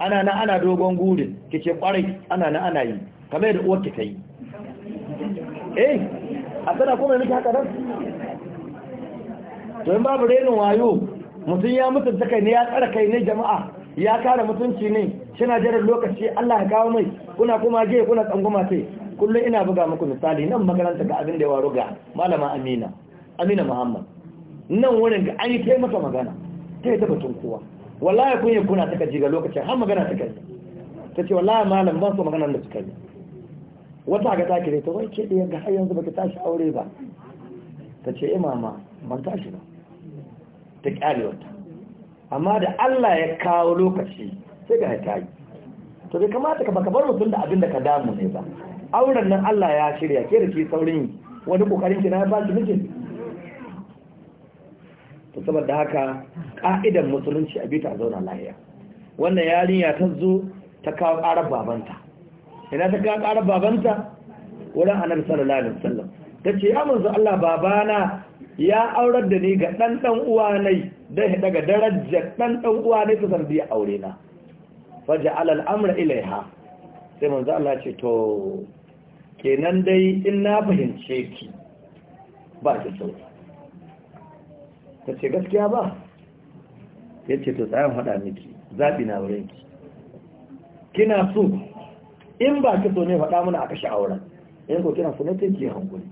ana na ana dogon gurin ki ce kwarai ana na ana yi kamar yadda uwar ki ta yi eh a tsada kuma nake haka nan to in babu renin wayo mutum ya mutunta kai ne ya tsara kai ne jama'a ya kare mutunci ne shina jiran lokaci Allah ya kawo mai kuna kuma je kuna tsanguma sai kullum ina buga muku misali nan makaranta ga abin da ya waro ga malama Amina Amina Muhammad nan wurin ga an yi kai masa magana ta yi kowa wallahi kun yi kuna ta kaji ga lokacin har magana ta kai ta ce wallahi malam ban so maganar da suka yi wata ga ta kire ta wai ke da yanga har yanzu baka tashi aure ba ta ce imama eh, ban tashi ba ta kyale wata amma da Allah ya kawo lokaci sai ga ta yi to bai kamata ka baka bar mutum da abin da ka damu ne ba auren nan Allah ya shirya ke da ke saurin wani kokarin ki na ba ki mijin to saboda haka ka'idan musulunci a bita a zauna lafiya wannan yarinya ta zo ta kawo karar babanta ina ta kawo karar babanta wurin annabi sallallahu alaihi wasallam tace ya manzo Allah babana ya aurar da ni ga dan dan uwa nai daga darajar dan dan uwa ne su sanadiyar aure na faja alal amra ilaiha sai manzo Allah ce to kenan dai in na fahimce ki ba ki sauki ta ce gaskiya ba ya ce to tsayan fada miki zaɓi na wurin ki kina so in ba ki so ne faɗa mana aka shi auren. Yanko kina so ne ta ke hankuli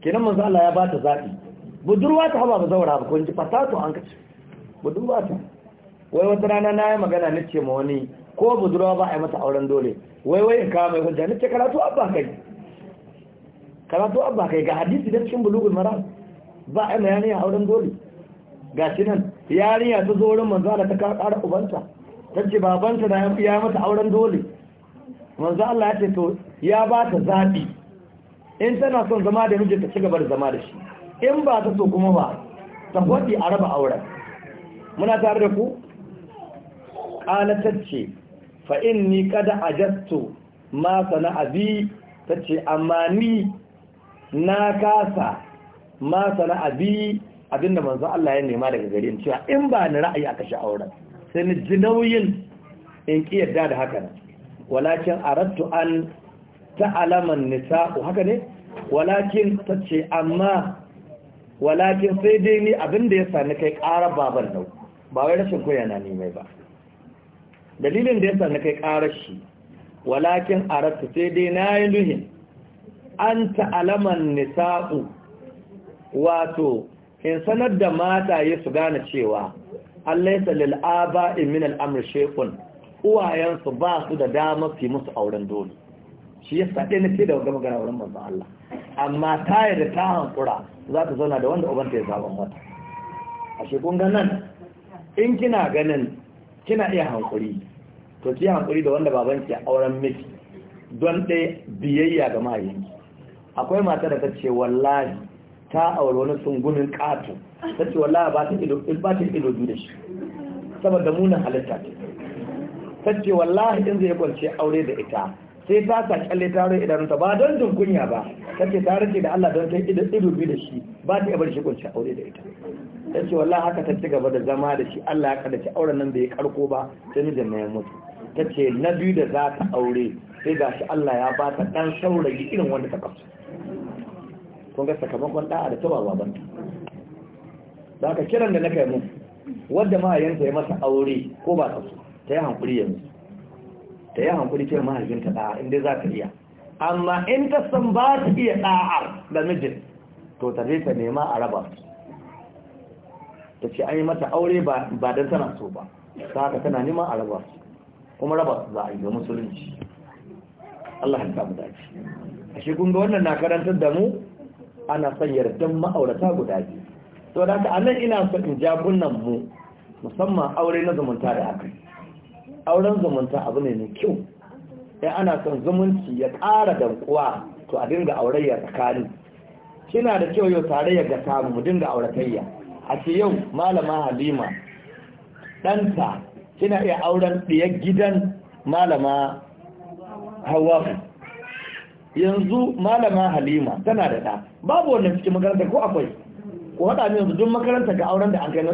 kenan manzo Allah ya ba ta zaɓi budurwa ta haba ba zaura ba ko ji fatato an kace budurwa ta wai wata rana na yi magana na ce ma wani ko budurwa ba a yi mata auren dole wai wai in kawo mai hujja na ce karatu abba kai karatu abba kai ga hadisi da cikin bulugul maram ba a yi ma yanayi auren dole ga shi nan yarinya ta zo wurin manzo Allah ta kara ubanta ta ce babanta na ya mata auren dole manzo Allah ya ce to ya ba ta zaɓi in tana son zama da mijinta ci gaba da zama da shi in ba ta so kuma ba ta faɗi a raba auren muna tare da ku ƙalatacce fa'in ni kada a jasto ma sana'a abi ta ce amma ni na kasa ma sana'a bi abinda manzo Allah ya nema daga gari in cewa in ba ni ra'ayi a kashe auren sai ni ji nauyin in ƙi yarda da haka nan walakin arattu an alaman nisa'u haka ne walakin tace amma walakin sai dai ni abin da ya sani kai ƙara baban nau ba wai rashin koya na nemai ba dalilin da ya sani kai ƙarar shi walakin rasu sai dai na yi nuhin an ta'alaman nisa'u wato in sanar da mata ya su gane cewa allaisa lil'aba min al'amur shekun uwayensu ba su da dama fi musu auren dole shi ya ɗaya na ce da gama gana wurin manzan Allah amma ta da ta hankura za ta zauna da wanda ubanta ya zaɓa mata a shekun ganin, in kina ganin kina iya hankuri to ki hankuri da wanda babanki ya auren miki don ɗaya biyayya ga mahaifinki akwai mata da ta ce wallahi ta aure wani sungunin ƙato ta ce wallahi ba ta ido da shi saboda munin halitta ta ce wallahi in zai kwanci aure da ita sai ta sa kyalle ta rai idanunta ba don jin kunya ba kace ta rike da Allah don ta ido bi da shi ba ta bar shi kunci aure da ita ta ce wallahi haka ta ci gaba da zama da shi Allah ya kada ci auren nan bai karko ba sai mijin na ya mutu ta ce na biyu da za ta aure sai shi Allah ya ba ta dan saurayi irin wanda ta kafa kun ga sakamakon da'a da tawa baban da ka kiran da na kai mu wanda ma ya masa aure ko ba ta so ta yi hankuri yanzu ta yi hankuli ce mahaifinta da'a inda za ta iya amma in ta san ba ta iya ɗa'ar da mijin to ta ta nema a raba ta ce an yi mata aure ba don tana so ba ta haka tana nema a raba kuma raba za a yi ga musulunci Allah ya samu dace a shi kun ga wannan na karantar da mu ana son yardan ma'aurata guda biyu to da ka anan ina son in ja kunnan mu musamman aure na zumunta da aka yi auren zumunta abu ne mai kyau ya ana son zumunci ya ƙara dankuwa to a dinga aurayya tsakani kina da kyau yau ya ga samu mu dinga auratayya a ce yau malama halima ɗanta kina iya auren ɗiyar gidan malama hawa yanzu malama halima tana da ɗa babu wannan cikin makaranta ko akwai ko haɗa ne yanzu duk makaranta ga auren da an kai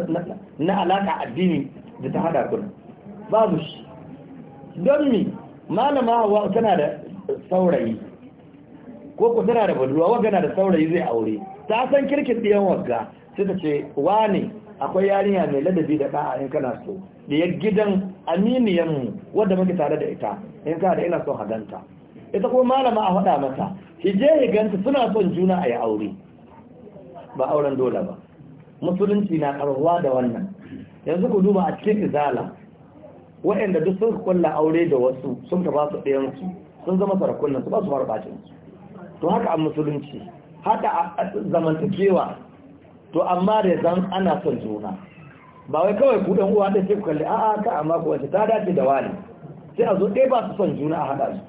na alaƙa addini da ta haɗa kuna babu shi don mi malama hawa tana da saurayi ko ku tana da budurwa wanda tana da saurayi zai aure ta san kirkin ɗiyan wagga sai ta ce wa ne akwai yarinya mai ladabi da ɗa'a in kana so da ya gidan aminiyanmu wadda muke tare da ita in kana da ina son haganta ita kuma malama a faɗa mata hije higanta suna son juna a yi aure ba auren dole ba musulunci na karuwa da wannan yanzu ku duba a cikin izala waɗanda duk sun kulla aure da wasu sun ka ba su ɗayan su sun zama sarakunan su ba su fara bacin su to haka a musulunci haka a zamantakewa to amma da zan ana son juna ba wai kawai ku uwa ɗaya sai ku kalli a'a ka amma ku wace ta dace da wani sai a zo ɗaya ba su son juna a haɗa su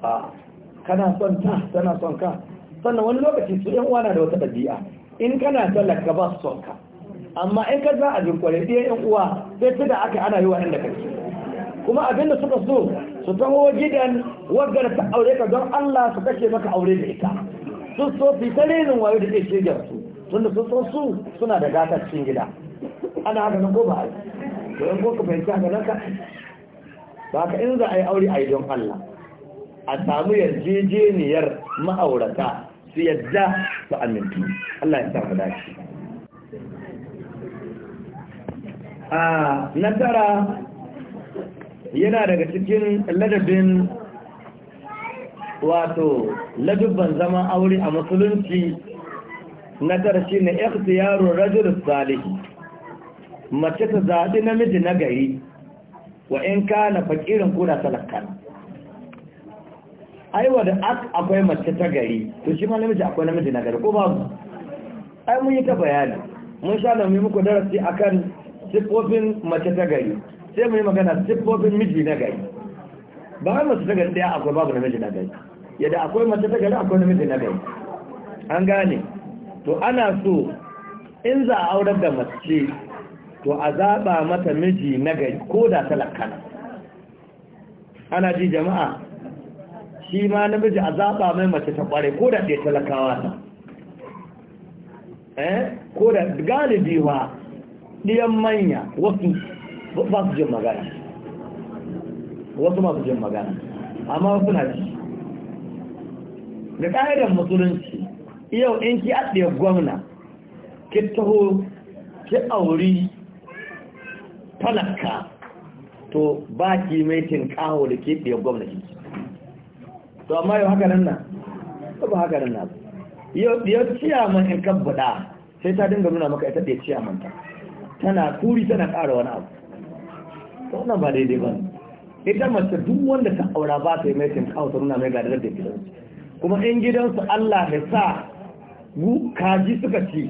kana son ta tana son ka sannan wani lokaci su ɗan uwa na da wata ɗabi'a in kana ka ba su son ka amma in ka za a jinkwale ɗaya ɗan uwa sai ta da aka ana yi wa inda kake kuma abinda suka so su taho gidan wagar ta aure ka don Allah su kashe maka aure da ita sun so fi ta wayo da ke shirya su tunda sun so su suna da gatar cikin gida ana haka nan ko ba ai to in ko ka fahimci haka nan ka ba ka in za a yi aure a yi don Allah a samu yarjejeniyar ma'aurata su yadda su amintu Allah ya sa dace a ah, nasara yana daga cikin ladabin wato ladabban zaman aure a musulunci na ƙarshe na yaro rajul salihi mace ta zaɗi namiji na gari wa in kana fakirin kuna talakkan aiwa da aka akwai mace ta gari to shi ma namiji akwai namiji na gari ko babu ai mun yi ta bayani mun sha da muku darasi akan sifofin mace ta gari sai mu yi magana siffofin miji na gari ba wai masu ta daya akwai babu namiji na gari yadda akwai masu ta akwai akwai namiji na gari an gane to ana so in za a aurar da mace to a zaɓa mata miji na gari ko da talakana ana ji jama'a shi ma namiji a zaɓa mai mace ta ƙware ko da ɗaya talakawa ta eh ko da galibi wa ɗiyan manya wasu ba su jin magana wasu masu jin magana amma wasu na ji da ƙa'idar musulunci yau in ki aɗe gwamna ki taho ki auri talaka to ba ki mai ƙaho da ke ɗe gwamna ki to amma yau haka nan na ba haka nan na yau ɗiyar ciyaman in kabbada sai ta dinga nuna maka ita ɗiyar ciyamanta tana turi tana ƙara wani abu wannan ba daidai ba ita mace duk wanda ta aura ba ta yi mai cin kawo nuna mai gadar da gidan kuma in gidansu Allah ya sa gu kaji suka ci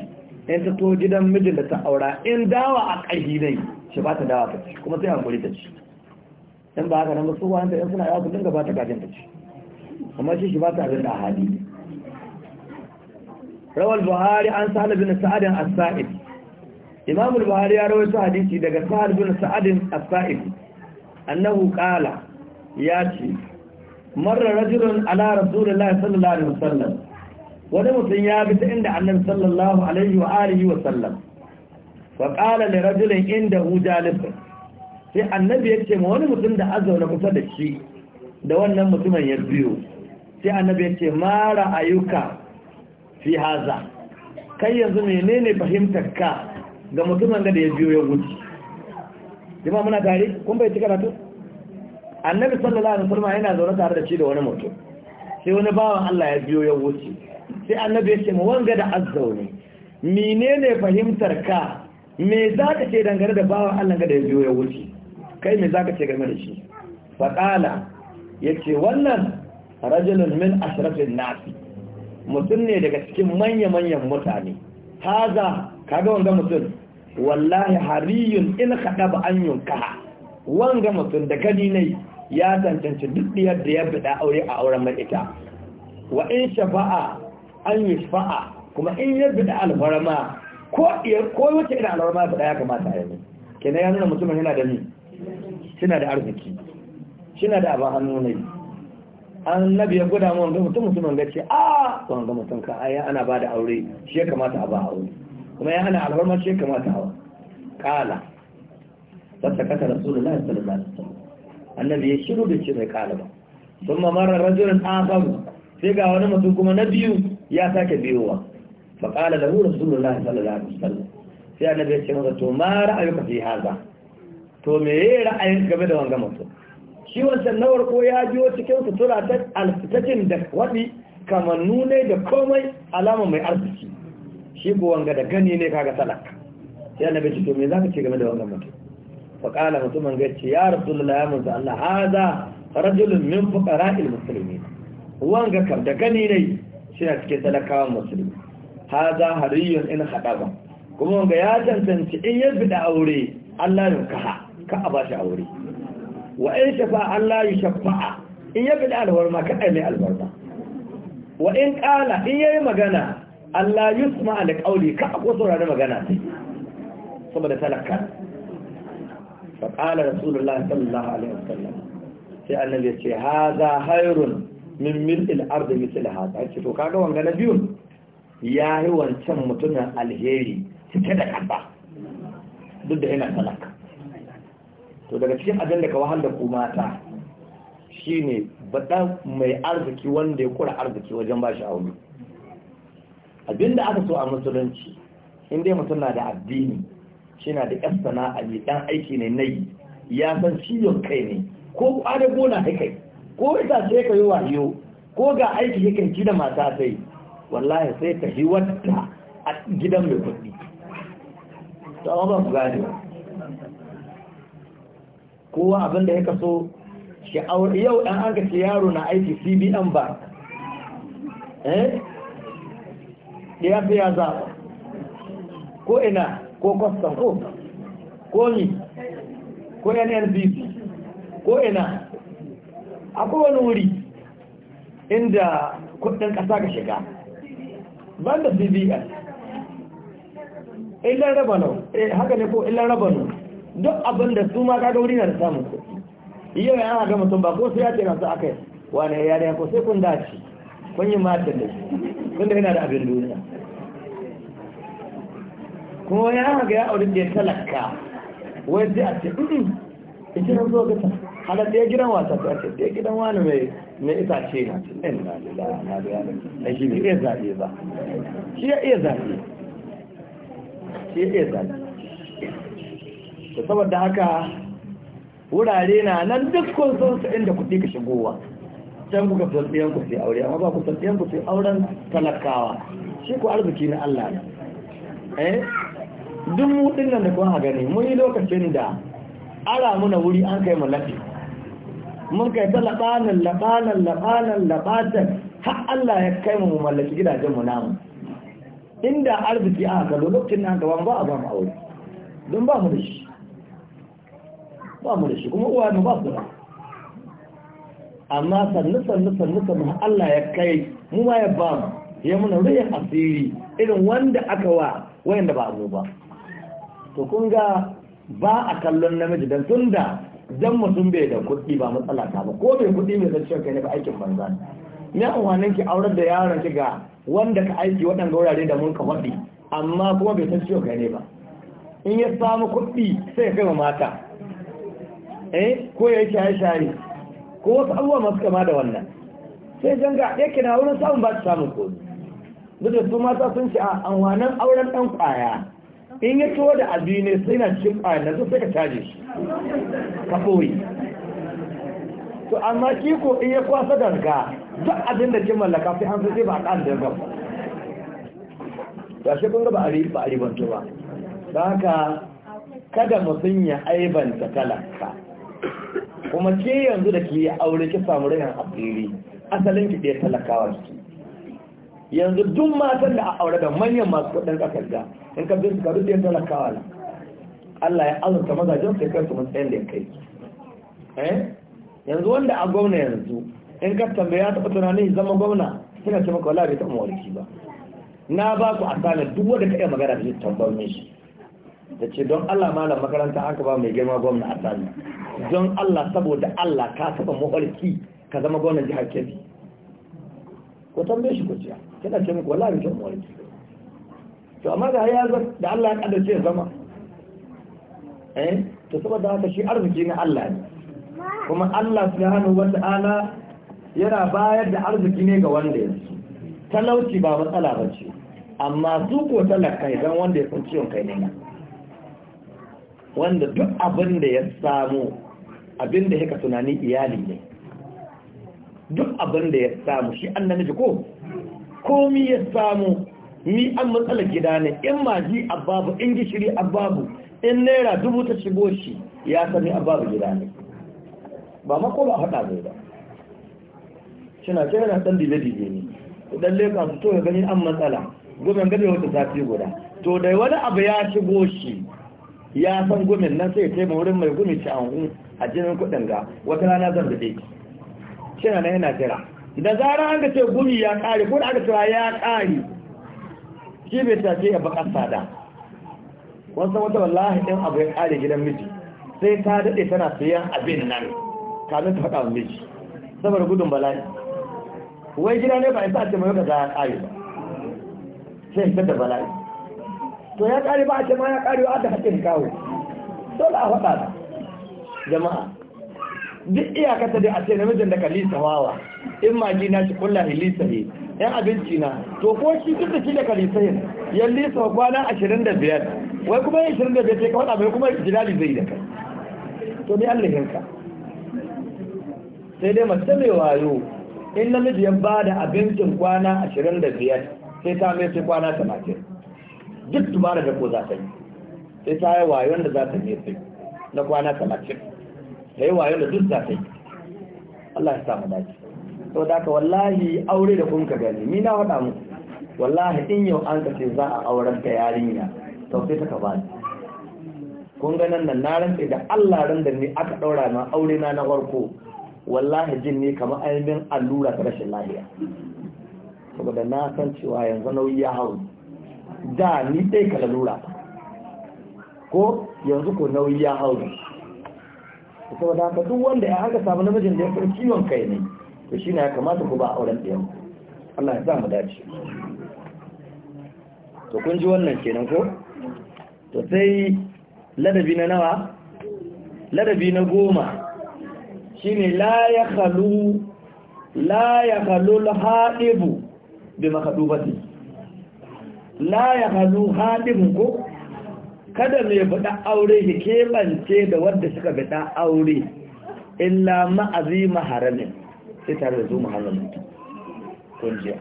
in ta to gidan mijin da ta aura in dawa a ƙarfi ne shi ba ta dawa ta ci kuma sai hankali ta ci in ba haka nan ba hanta in suna yawa su dinga ba ta gajin ta ci amma shi shi ba ta abin da a hali rawar buhari an sahala bin sa'adin as-sa'id imam al-buhari ya rawaito hadisi daga sa'ad bin sa'ad as-sa'idi annahu qala yace marra rajulun ala rasulillahi sallallahu alaihi wasallam wani mutum ya bi ta inda annabi sallallahu alaihi wa alihi wa sallam fa qala li rajulin inda indahu jalib sai annabi ya ce ma wani mutum da azauna kusa da shi da wannan mutumin ya biyo sai annabi ya ce ma ra'ayuka fi haza kai yanzu menene fahimtar ka ga mutumin da ya biyo ya wuce jima muna tare kun bai ci karatu annabi sallallahu alaihi wasallam yana zaune tare da shi da wani mutum sai wani bawan Allah ya biyo ya wuce sai annabi ya ce mu wanga da azzauni menene fahimtar ka me zaka ce dangane da bawan Allah ga da ya biyo ya wuce kai me zaka ce game da shi faqala yace wannan rajulun min ashrafin nasi mutum ne daga cikin manya-manyan mutane haza kaga wanga mutum wallahi hariyun in kada ba an yunka wanga mutum da gani ne ya tantance duk diyar da ya bida aure a auren mai ita wa in shafa'a an yi shafa'a kuma in ya bida alfarma ko diyar ko wace ina alfarma bida ya kamata ya ne kenan ya nuna mutumin yana da ni suna da arziki suna da abin hannu ne annabi ya guda mu wanga mutum mutumin ga ce a ah! wanga mutum ka aya ana ba da aure shi ya kamata a ba aure kuma ya hana alfarmar shi kamata hawa kala sassa kasa rasulullahi sallallahu alaihi wasallam annabi ya shiru da ce mai kala ba sun mamarar rajulun afaru sai ga wani mutum kuma na biyu ya sake biyowa ba kala da hura rasulullahi sallallahu alaihi wasallam sai annabi ya ce masa to ma ka fi haza to me ra'ayin game da wanga mutum shi wancan nawar ko ya biyo cikin sutura ta alfitacin da waɗi kamannu ne da komai alama mai arziki shi ko wanga da gani ne kaga salak. sai annabi ce to me zaka ce game da wannan mutum fa qala mutumin ga ce ya rasulullahi ya manzo Allah hada rajulun min fuqara'il muslimin wanga kam da gani ne shi na cikin talakawan musulmi hada hariyun in hadaba kuma wanga ya tantance in ya bi da aure Allah ya kaha ka a bashi aure wa in shafa Allah ya shafa'a in ya bi da alwarma ka mai albarka wa in qala in yayi magana Allah yusma da kauli ka ko saurari magana sai saboda talaka fa qala rasulullahi sallallahu alaihi wasallam sai annabi ya ce haza hayrun min mil'il ardi misl hada ce to kaga wanga na biyun yi wancan mutumin alheri cike da kaba duk da yana talaka to daga cikin abin da ka wahal da ku mata shine baɗa mai arziki wanda ya kura arziki wajen ba shi aure abinda aka so a musulunci in dai mutum na da addini shi na da yan a ne aiki ne na yi ya san ciwon kai ne ko kwada gona kai ko ita sai ka yi wahiyo ko ga aiki ya kanki da mata sai wallahi sai ka yi wata a gidan mai kuɗi to wabar ku gane ba kowa abin da ya kaso yau ɗan an ka ce yaro na aiki cbn bank eh da ya fi ya zaɓa ko ina ko kwastan ko ko ni ko nnbc ko ina a kowane wuri inda kudin ƙasa ga shiga ban da cbn ilan rabano eh, haka ne ko ilan rabano duk abinda su ma ga wuri na da samun kudi yau yana ga mutum ba ko sai ya ce na su aka yi wane yare ko sai kun dace kun yi matan da shi wanda yana da abin duniya kuma ya haka ya aure da ya talaka wai sai a ce ɗin ita na zo gata halar ɗaya gidan wasa ta ce ɗaya gidan wani mai na ce na ɗin na ya na da ya na shi ne iya zaɓe ba shi ya iya zaɓe shi ya iya zaɓe da saboda haka wurare na nan duk kun san inda kuɗi ka shigowa can kuka san ɗiyan ku sai aure amma ba ku san ɗiyan ku sai auren talakawa shi ku arziki na Allah ne eh duk mu din nan da kuma gani mun yi lokacin da ara muna wuri an kai mu lafi mun kai ta labanan labanan labanan labatan har Allah ya kai mu mallaki gidajen mu namu inda arziki aka kallo lokacin nan gaban ba a ba mu aure don ba mu da shi ba mu da shi kuma uwa mu ba su da amma sannu sannu sannu sannu Allah ya kai mu ma ya ba ya muna ruyan asiri irin wanda aka wa wayanda ba zo ba to kun ga ba a kallon namiji dan tunda dan mutum bai da kuɗi ba matsala ta ba ko bai kuɗi mai zanciyar kai ne ba aikin banza ne amfanin ki aurar da yaron ki ga wanda ka aiki waɗanda wurare da mun ka faɗi amma kuma bai san ciwo kai ne ba in ya samu kuɗi sai ya kai mata eh ko ya yi shaye-shaye ko wasu abubuwa masu kama da wannan sai janga ɗaya kina wurin samun ba su samun komi duk da su mata sun ce a wanan auren ɗan ƙwaya in ya tuwo da abi ne sai na cikin ƙwaya na sai ka caje shi ka ɓoye to amma kiko in ya kwasa danga duk abin da kin mallaka sai an sai ba a ƙan danga ba ya shi kun ga ba a ribanto ba don haka kada mutum ya aibanta talaka kuma ke yanzu da ke aure ki samu rinan asiri asalin ki ɗaya talakawa ki yanzu duk matan da a aure da manyan masu kudin kasar ga in ka bin karu ɗaya talakawa na Allah ya azurta mazajen sai kai su matsayin da ya kai eh? yanzu wanda a gwamna yanzu in ka tambaya ta tunanin zama gwamna suna ce maka wala bai taɓa mawarki ba na ba ku a asanar duk wanda ka iya magana da shi tambar mishi da ce don Allah malam makaranta an ka ba mai girma gwamna a asanar don Allah saboda Allah ka saba mawarki ka zama gwamnan jihar Kebbi ko tambaye shi kujiya kina ce muku wallahi ta mawarki to amma da ya da Allah ya kaddace ya zama eh to saboda haka shi arziki na Allah ne kuma Allah subhanahu wata'ala yana bayar da arziki ne ga wanda ya so talauci ba matsala ba ce amma su ko talaka idan wanda ya san ciwon kai ne wanda duk abin da ya samu abin da yake tunani iyali ne duk abin da ya samu shi an namiji ko komi ya samu ni an matsala gida ne in maji ababu in gishiri ababu in naira dubu ta shigo shi ya sami ababu gida ne ba mako ba hada zai ba shina ce yana dan dile-dile ne dan leka su to ya gani an matsala gomen gabe wata zafi guda to dai wani abu ya shigo shi ya san gomen nan sai ya wurin mai gumi ci an a jinin kuɗin ga wata rana zan da shi na yana jira da zarar an ga ce gumi ya kare ko da aka cewa ya kare shi bai tafi ya bakar sada wasu wata wallahi ɗin abu ya kare gidan miji sai ta daɗe tana siyan abin nan kamin ta faɗa wa miji saboda gudun bala'i wai gida ne ba in sa ce mai wata ya kare ba sai ta da bala'i to ya kare ba a ce ma ya kare wa aka haƙƙin kawo dole a faɗa jama'a duk iyakata da a ce namijin da kalisa wawa in magi na shi kulla lisa ne yan abinci na to ko shi duk da shi da kalisa yin yan lisa kwana ashirin da biyar wai kuma yin ashirin da biyar sai ka faɗa mai kuma jilali zai da kai to ni allah yanka sai dai mace mai wayo in namiji ya ba da abincin kwana ashirin da biyar sai ta mai sai kwana talatin duk tubara da ko za ta yi sai ta yi wayon da za ta mai sai na kwana talatin da yawa yau da duk za ta yi Allah ya samu daji. to da ka wallahi aure da kunka ka gani ni na faɗa mu wallahi in yau an ka ce za a auren ta yarinya to sai ta ka bani kun ga nan na rantsa da Allah ran da ni aka daura na aure na na farko wallahi jin ni kamar ainihin allura ta rashin lafiya saboda na san cewa yanzu nauyi ya hau da ni dai ka lura ko yanzu ko nauyi ya hau da haka duk wanda ya haka samu namijin da ya fi ciwon kai ne to shine ya kamata ku ba auren ɗaya Allah ya sa mu dace to kun ji wannan kenan ko to sai ladabi na nawa ladabi na goma shine la ya halu la ya khalu al-haibu bi la ya haɗe bu ko kada mai buɗa aure ya keɓance da wadda suka buɗa aure illa ma'azi maharamin sai tare da zo maharamin jiya.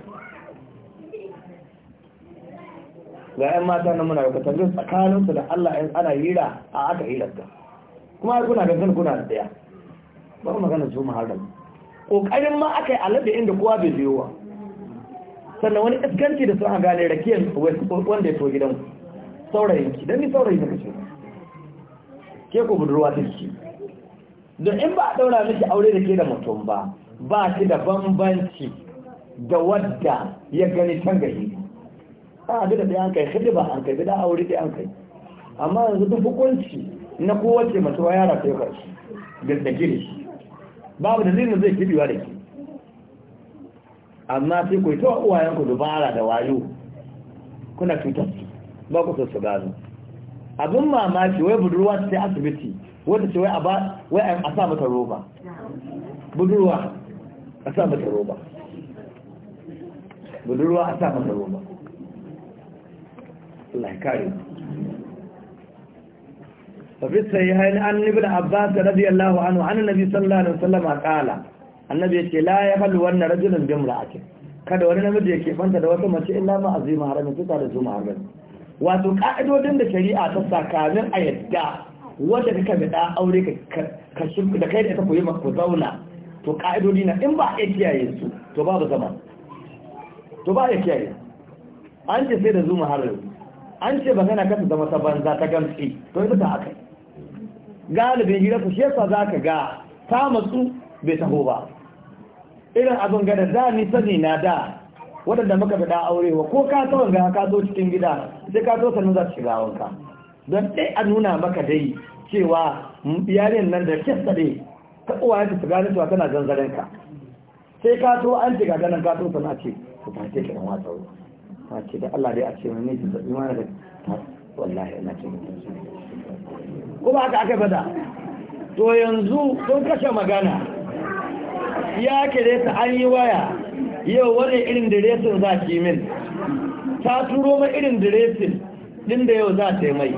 ga 'yan mata na muna rukata tsakanin tsakaninsu da Allah in ana hira a aka hirarta. kuma kuna gangan kuna da daya ba mu magana su maharam ƙoƙarin ma aka yi alaɗe inda kowa bai biyowa sannan wani iskanci da sun hanga ne rakiyar wanda ya to gidanku saurayinki don ni saurayi ne kashe ke ko budurwa ta ke don in ba a ɗaura miki aure da ke da mutum ba ba shi da bambanci da wadda ya gani can gari a bi da ɗaya an kai hidi ba an kai bi da aure da an kai amma yanzu duk hukunci na kowace wa yara ta yi karshe da gire babu da zai kibiwa da ke amma sai ku yi ta dubara da wayo kuna cutar su ba ku so su gano abin mamaki wai budurwa ta sai asibiti wata ce wai a sa mata roba budurwa a sa mata roba budurwa a sa mata roba Allah ya kare ففي الصحيحين عن ابن عباس رضي الله عنه عن النبي صلى الله عليه وسلم ya annabi yace la halu wannan rajulun bi imra'atin kada wani namiji yake fanta da wata mace illa ma azima haramin tuta da zuma haramin wato ka'idodin da shari'a ta sa a yadda wanda kika kame da aure ka shirku da kai da ta koyi ku zauna to ka'idodi na in ba a kiyaye su to babu zama to ba a kiyaye an ce sai da zuma har an ce ba kana kasa zama ta banza ta gamsi to yi ta haka galibin gida ku shefa za ka ga ta matsu bai taho ba irin abin gada da ni sani na da waɗanda muka fi aurewa ko ka tawa ga ka zo cikin gida sai ka zo sannan za su shiga wanka don ɗai a nuna maka dai cewa yarin nan da kyasta ne ta uwa ta su gane cewa tana zanzaren ka sai ka zo an ce ganin ka sannan a ce ku ta ce kiran wata wuri ta ce da Allah dai a ce wani ne da imani da ta wallahi ina ce ko ba haka aka fada to yanzu sun kashe magana ya kire ta an yi waya yau wane irin diresin za ki min ta turo ma irin diresin din da yau za ta yi mai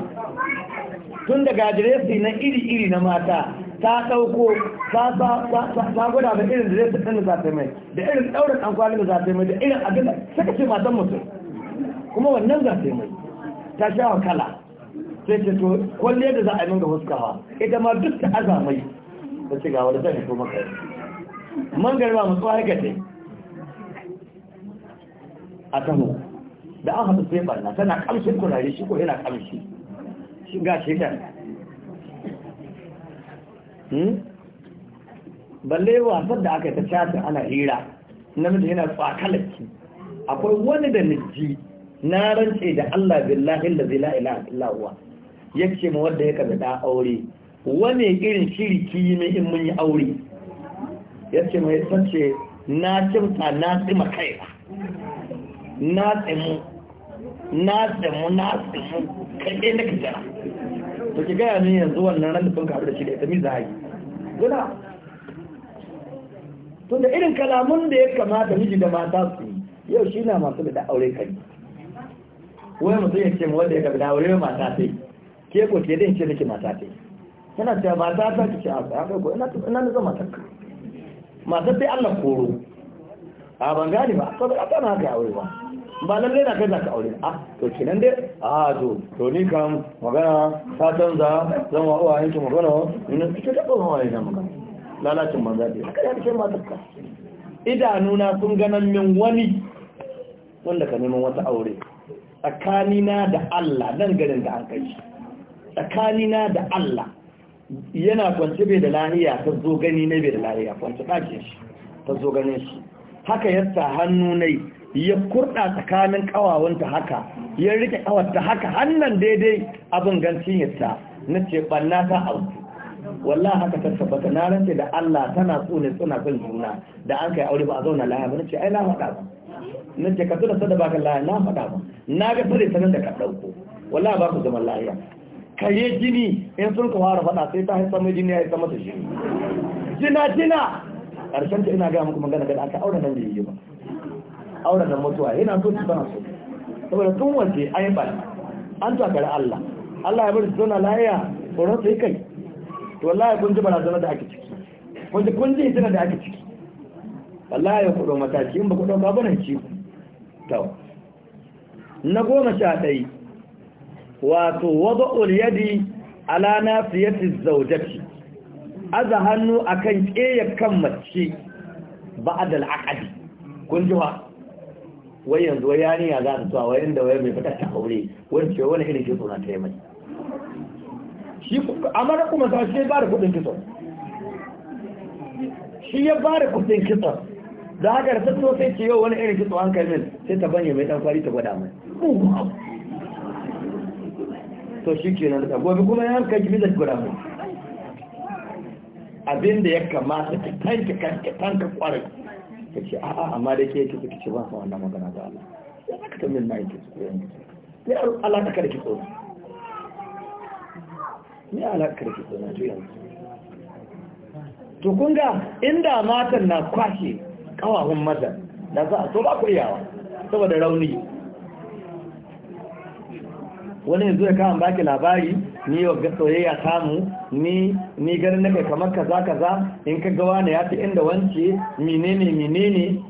tun daga diresi na iri-iri na mata ta ɗauko ta gwada da irin diresin din da za ta yi mai da irin ɗaurin an kwanin da za ta yi mai da irin abin da suka ce matan mutum kuma wannan za ta yi mai ta sha wa kala sai ce to kwalliyar da za a yi min ga huskawa ita ma duk ta azamai ta ci ga wani zai fito maka mangarba mutuwa ya gaje a taho da an haɗu sai barna tana ƙamshin kurare shi ko yana ƙamshi shi ga shekar hmm? balle wasan da aka yi ta shafin ana hira namiji yana tsakalarki akwai wani da niji na rance da Allah billahi da zila ilaha ya ce ma wadda ya kaza da aure wani irin shiri kiyi mai in mun yi aure ya ce ma ya sace na cimta na tsima kai ba na tsimu na tsimu na tsimu kaɗai na kajara to ki gaya ni yanzu wannan ran da sun karu da shi da ita mi zahari guda to da irin kalamun da ya kamata miji da mata su yi yau shi na masu da aure kai wai mutum ya ce mu wanda ya gabi da aure mata sai ke ko ke dai ce miki mata sai Kana yana cewa mata ta ki ce a kai ko ina ina ne zama takka mata sai Allah koro a ban gani ba saboda ta na ga aure ba ba lalle na kai za ka aure a ah, to kinan dai a ah, to to ni kam magana ta canza zan wa uwa yanki magana ina kike da ban hawaye na magana lalacin banza dai yi kike matar ka idanuna sun ganan min wani wanda ka neman wata aure Tsakani na da Allah nan garin da an kai shi na da Allah yana kwance bai da lahiya ta zo gani na bai da lahiya kwance ɗakin shi ta zo ganin shi haka yasta hannu nai ya kurɗa tsakanin ƙawawanta haka ya rike ƙawarta haka hannan daidai abin gancin yadda na ce ɓanna ta auku wallah haka ta tabbata na rance da Allah tana so suna son juna da an kai aure ba a zauna laya ba na ce ai na faɗa ba na ce ka tuna sada baka laya na faɗa ba na ga tsare sanin da ka ɗauko wallah ba ku zama laya ka yi jini in sun ka fara faɗa sai ta haifar mai jini ya haifar mata jini jina jina ƙarshen ta ina gaya muku magana da aka aure nan da yi ba auren da mutuwa yana so su sana so saboda tun wace an yi bari an takari Allah Allah ya bari su zauna lahiya tsoron sai kai to wallahi kun ji barazanar da ake ciki kun ji kun ji hitinar da ake ciki wallahi ya kudo mataki in ba kudo ba bane ci to na goma sha ɗai wato wada'ul yadi ala nafiyati zawjati aza hannu akan ƙeya kan mace ba'dal aqdi kun ji wa wai yanzu wai ya za ta tuwa wai inda wai mai fitar ta aure wani ce wani irin kitso na ta yi mai shi amara kuma sa shi ya ba da kudin kitso shi ya ba da kudin kitso da haka da sassu sai ce yau wani irin kitso an kai min sai ta banye mai dan kwari ta gwada mai to shi ke nan da gobe kuma ya kai kibi da gwada mai abinda ya kamata ka tanka kanka tanka kwarai ta ce a'a amma da ke kitso kici ba sa wannan magana da Allah ya ka tambayin mai yake kitso yan ya Allah ka ki kitso ni Allah ka da kitso na tuyan to kun ga inda matan na kwashe kawahun mazan da za a so ba ku iyawa saboda rauni wani yanzu ya kawo baki labari ni wagga soyayya samu ni ni ganin nake kamar kaza kaza in ka gawa ne ya fi inda wance menene menene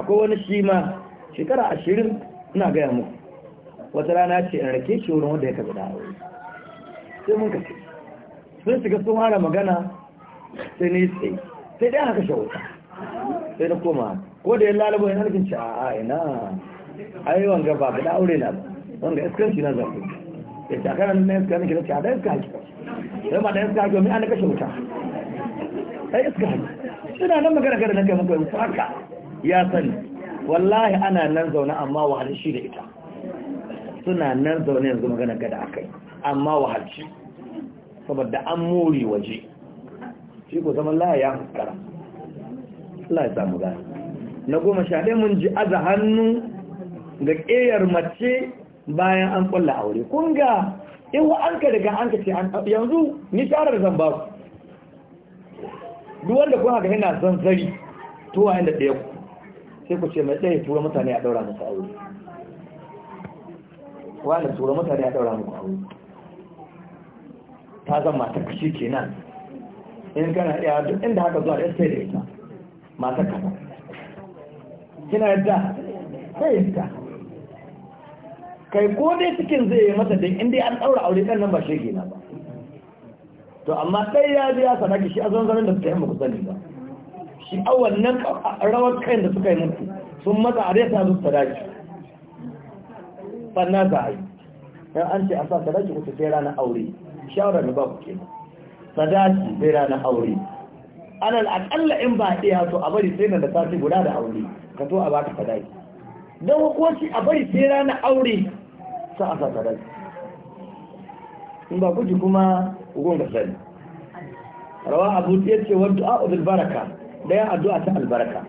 akwai wani shi ma shekara ashirin ina gaya mu wata rana ce in rake shi wurin wanda ya kaza da aure sai mun kace sun shiga sun hana magana sai ne sai sai dai haka shawo sai na koma ko da ya lalabo ya nalgin ci a ina ayyuan gaba ga da aure na ba wanga iskanci na zafi ya ce a kanan na iska nake na ce a da iska haki sai ma da iska haki domin an kashe wuta ai iska haki suna nan magana gada na kai muku yanzu haka ya sani wallahi ana nan zaune amma wahalshi da ita suna nan zaune yanzu magana gada akai amma wahalshi saboda an muri waje shi ko zaman laya ya fuskara Allah ya samu gani na goma sha ɗaya mun ji aza hannu ga ƙeyar mace bayan an kulla aure kun ga yawa an ka riga an ka ce yanzu ni tsarar zan ba ku Duwanda kuma kun haka yana zanzari to a inda ɗaya ku sai ku ce mai ɗaya tura mutane a ɗaura musu aure wanda tura mutane a ɗaura muku aure ta zan mata kashi kenan in kana iya duk inda haka zuwa da sai da ita mata kasa kina yadda sai ita kai ko dai cikin zai yi masa din inda an ɗaura aure kan nan ba shi gina ba to amma sai ya ji ya sadaki shi a zanzanin da suka yi muku sani ba shi a wannan rawar kayan da suka yi muku sun masa a resa su sadaki Sannan za a yi dan an ce a sa sadaki ku sai ranar aure shawarar da ba ku ke sadaki sai ranar aure alal akalla in ba ɗaya to a bari sai na da sati guda da aure ka to a baka sadaki don hukunci a bari sai ranar aure sa a sakarai in ba kuji kuma ugun da sani rawa abu ya ce wa du'a bil baraka daya addu'a ta albarka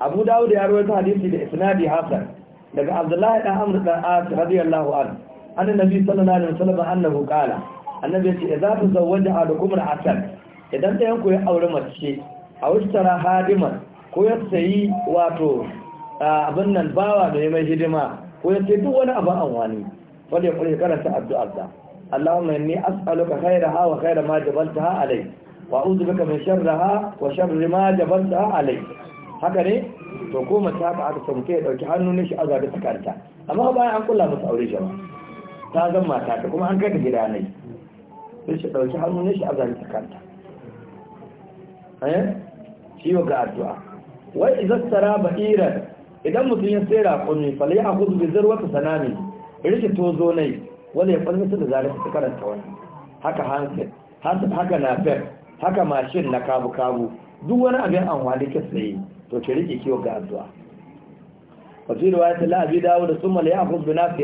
abu dawud ya rawaita hadisi da isnadi hasan daga abdullahi dan amr dan as radiyallahu anhu nabi sallallahu alaihi wasallam annahu qala annabi yace idza tazawwaja ahadukum al-asad idan ɗayan ku ya aure mace a wustara hadiman ko ya sayi wato abin nan bawa da yayi hidima ko ya sayi duk wani abu an wani wanda ya kula karanta addu'ar da Allahumma inni as'aluka ha wa khayra ma ha alai wa a'udhu bika min ha wa sharri ma ha alai haka ne to ko mace haka aka samu kai dauki hannu ne shi azabi tsakanta amma bayan an kula masa aure ba ta zan mata ta kuma an kai gida ne sai shi dauki hannu ne shi azabi tsakanta eh ciwo ga addu'a wai idan tsara ba'iran idan mutum ya tsira kunni fal ya akhudhu bi zarwati sanami rike tozo nai wanda ya farfisa da zarar ta karanta wani haka hansin haka nafef haka mashin na kabu-kabu duk wani abin wani ka tsaye to ke rike kiwo ga addu'a wasu da wayar tala abi dawo da sun mala ya afu bina su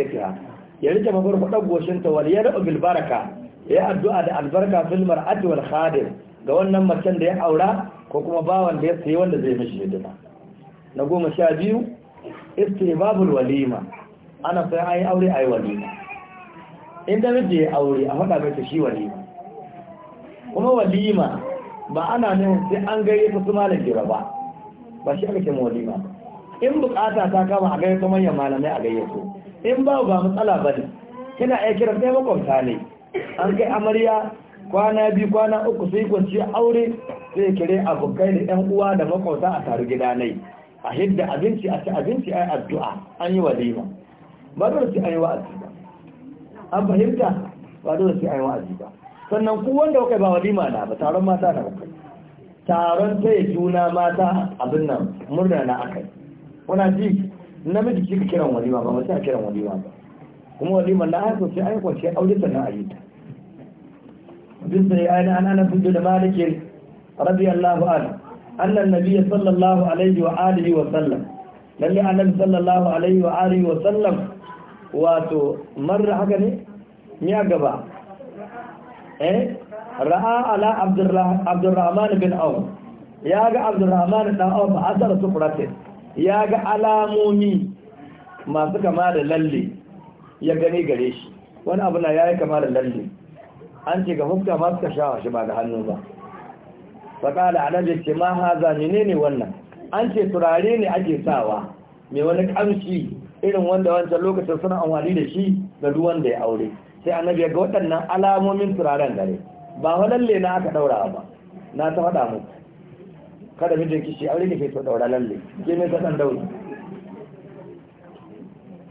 ya rike goshin goshinta wani ya rabu bilbaraka ya yi addu'a da albarka filmar ajiyar wal ga wannan macen da ya aura ko kuma bawan da ya sayi wanda zai mishi hidima na goma sha biyu babu walima ana sai an yi aure a yi walima inda da ya aure a faɗa mai shi walima kuma walima ba ana ne sai an gaye ta su malam jira ba ba shi aka ce walima in bukata ta kama a gaye ta manyan malamai a gaye su in ba ba matsala ba ne kina iya kiran sai makwabta ne an kai amarya kwana biyu kwana uku sai kwanci aure sai kire abokai da yan uwa da makwabta a taru gida nai a hidda abinci a ci abinci a addu'a an yi walima ba dole sai ayi yi wa'azi ba an fahimta ba dole sai ayi yi wa'azi ba sannan ku wanda kuka ba walima na ba taron mata na kuka taron taya juna mata abin nan murna na akai wana ji namiji kika kiran walima ba mace kiran walima ba kuma walima na haifu sai an yi aure ta na yi ta duk da ya yi an ana da malikin radiyallahu anhu annan nabiyyi sallallahu alaihi wa alihi wa sallam lalle annabi sallallahu alaihi wa alihi wa sallam wato marra haka ne ya gaba eh ra'a ala abdurrahman bin aw ya ga abdurrahman dan aw ba asara sufratin ya ga alamomi masu kama da lalle ya gani gare shi wani abu na yayi kama da lalle an ce ga fuska ma suka shi ba da hannu ba faƙala annabi ce ma haza ne wannan an ce turare ne ake sawa mai wani kamshi irin wanda wancan lokacin suna amfani da shi da ruwan da ya aure sai annabi ga waɗannan alamomin turaren gare ba walalle na aka daura ba na ta faɗa mu kada mijin kishi aure ne ke so daura lalle ke mai kasan dauri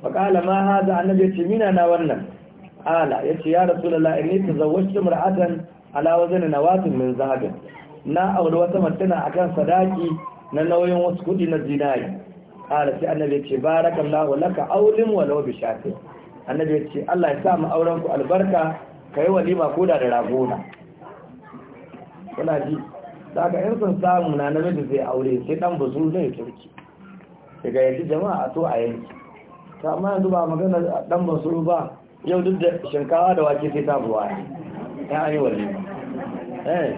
faƙala ma hada annabi ce mina na wannan ala ya ce ya rasulullah inni tazawwajtu mar'atan ala wazni nawatin min zahabin na aure wata mutuna akan sadaki na nauyin wasu kudi na zinari ƙara sai annabi ce barakallahu laka aulin walau bi shafi annabi ce Allah ya sa mu auren ku albarka kai walima ko da rago na kuna ji daga in sun samu na namiji zai aure sai dan buzu ne turki daga yanzu jama'a a to a yanki ta amma yanzu ba magana dan buzu ba yau duk da shinkawa da wake sai ta buwa ya yi walima eh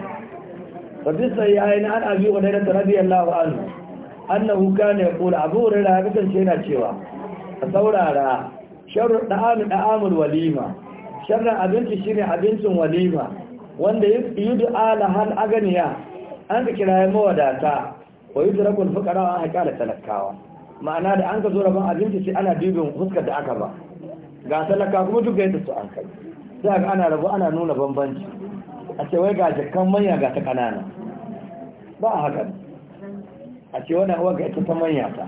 wa bisa na an abi wa da radiyallahu anhu annahu kana yaqulu abu hurairah ya kasance yana cewa a saurara sharru da'amu da'amul walima sharrin abinci shine abincin walima wanda yudu ala hal aganiya an ka kiraye mawadata wa yudraku al fuqara an haƙala talakawa ma'ana da an ka zo rabon abinci sai ana dubin fuskar da aka ba ga talaka kuma duk yadda su an kai sai ga ana rabu ana nuna bambanci a ce wai ga jakan manya ga ta kanana ba hakan. a ce wannan uwan ka ita ta manya ta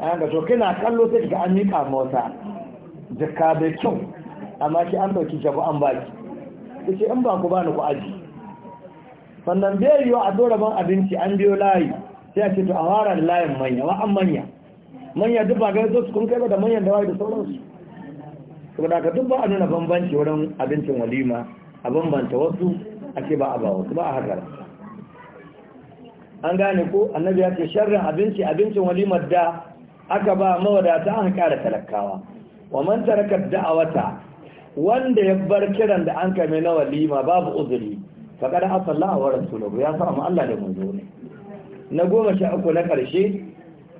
an ga to kina kallo sai ka an mika mota jaka da kyau amma shi an dauki jabu an baki kace in ba ku bani ku aji sannan bai yiwa a dora ban abinci an biyo layi sai a ce to a fara da layin manya wa an manya manya duk ba ga zo su kun kai da manyan da wai da sauransu saboda ka duk ba a nuna bambanci wurin abincin walima a bambanta wasu a ce ba a ba wasu ba a hakara an gane ko annabi ya ce sharrin abinci abincin walimar da aka ba mawadata an kara talakawa wa man taraka da'awata wanda ya bar kiran da an kame na walima babu uzuri kada asalla wa rasuluhu ya samu Allah da manzo ne na goma sha uku na karshe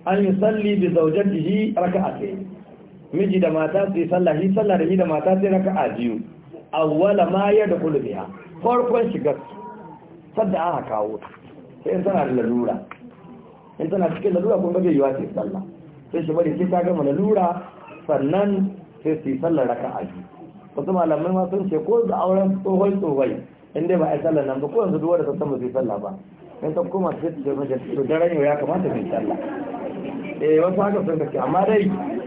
an yi salli bi zaujatihi raka'atayn miji da mata sai sallah hi sallah da da mata sai raka'a biyu awwala ma yadkhulu biha farkon shigar sadda aka kawo ta sai in tana da lalura in tana cikin lalura kun gaje yiwa sai sallah sai shi bari sai ta gama lalura sannan sai su yi sallar a yi wasu malamai ma sun ce ko da auren tsohon tsohon in dai ba a yi sallar nan ba ko yanzu duwar da ta samu su yi sallah ba in ta koma su ce da daren yau ya kamata su yi sallah eh wasu haka sun kace amma dai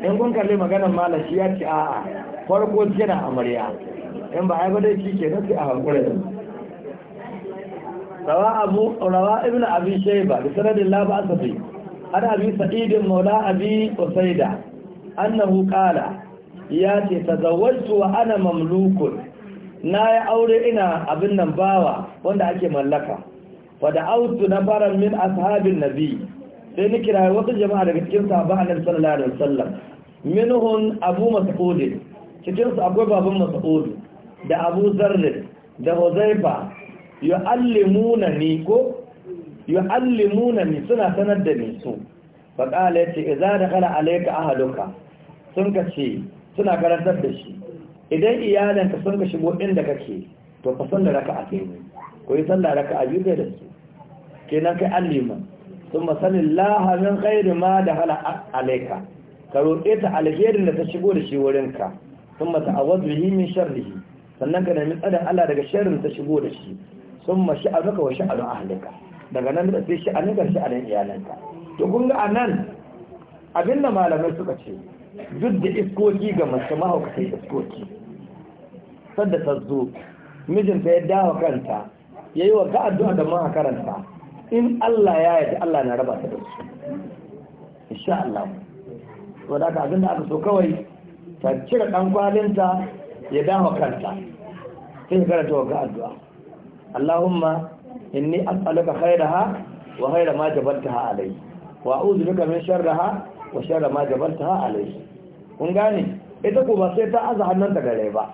in kun kalli maganar malam shi ya ce a'a farko jira amarya in ba a yi ba dai shi ke sai a hankula rawa abu rawa ibnu abi shayba bi sanadillah ba asabi ana abi sa'id maula abi usaida annahu qala ya ce tazawwajtu wa ana mamlukun na ya aure ina abin nan bawa wanda ake mallaka wada autu na faran min ashabin nabi sai ni kira wasu jama'a daga cikin sahabban annabi sallallahu alaihi wasallam minhun abu mas'ud cikin su akwai baban mas'ud da abu zarr da huzaifa yu'allimuna ni ko yu'allimuna ni suna sanar da ni su fa qala yace idza dakhala alayka ahaduka sun ka suna karantar da shi idan iyalanka sun ka shigo inda kake to fa san da a kai ne ko yi sallah raka'a biyu kai da su kenan kai alliman thumma sanillaha min ghairi ma dakhala alayka ka roƙe ta alherin da ta shigo da shi wurinka sun mata a wazu yi min sharrihi sannan ka nemi tsada Allah daga sharrin ta shigo da shi sun ma sha'anuka wa sha'anun ahalika daga nan da sai a nan iyalanka to kun ga anan abin da malamai suka ce duk da iskoki ga mace mahaukatai iskoki sadda ta zo mijinta ya dawo kanta ya yi wa ga addu'a da maha karanta in Allah ya yi Allah na raba ta da su insha Allah wadda aka abin da aka so kawai ta cire ɗan kwalinta ya dawo kanta sai karanta wa ga addu'a Allahumma inni as'aluka khairaha wa khaira ma jabaltaha alayhi wa a'udhu bika min sharriha wa sharra ma jabaltaha ita ko ba sai ta aza hannunta gare ba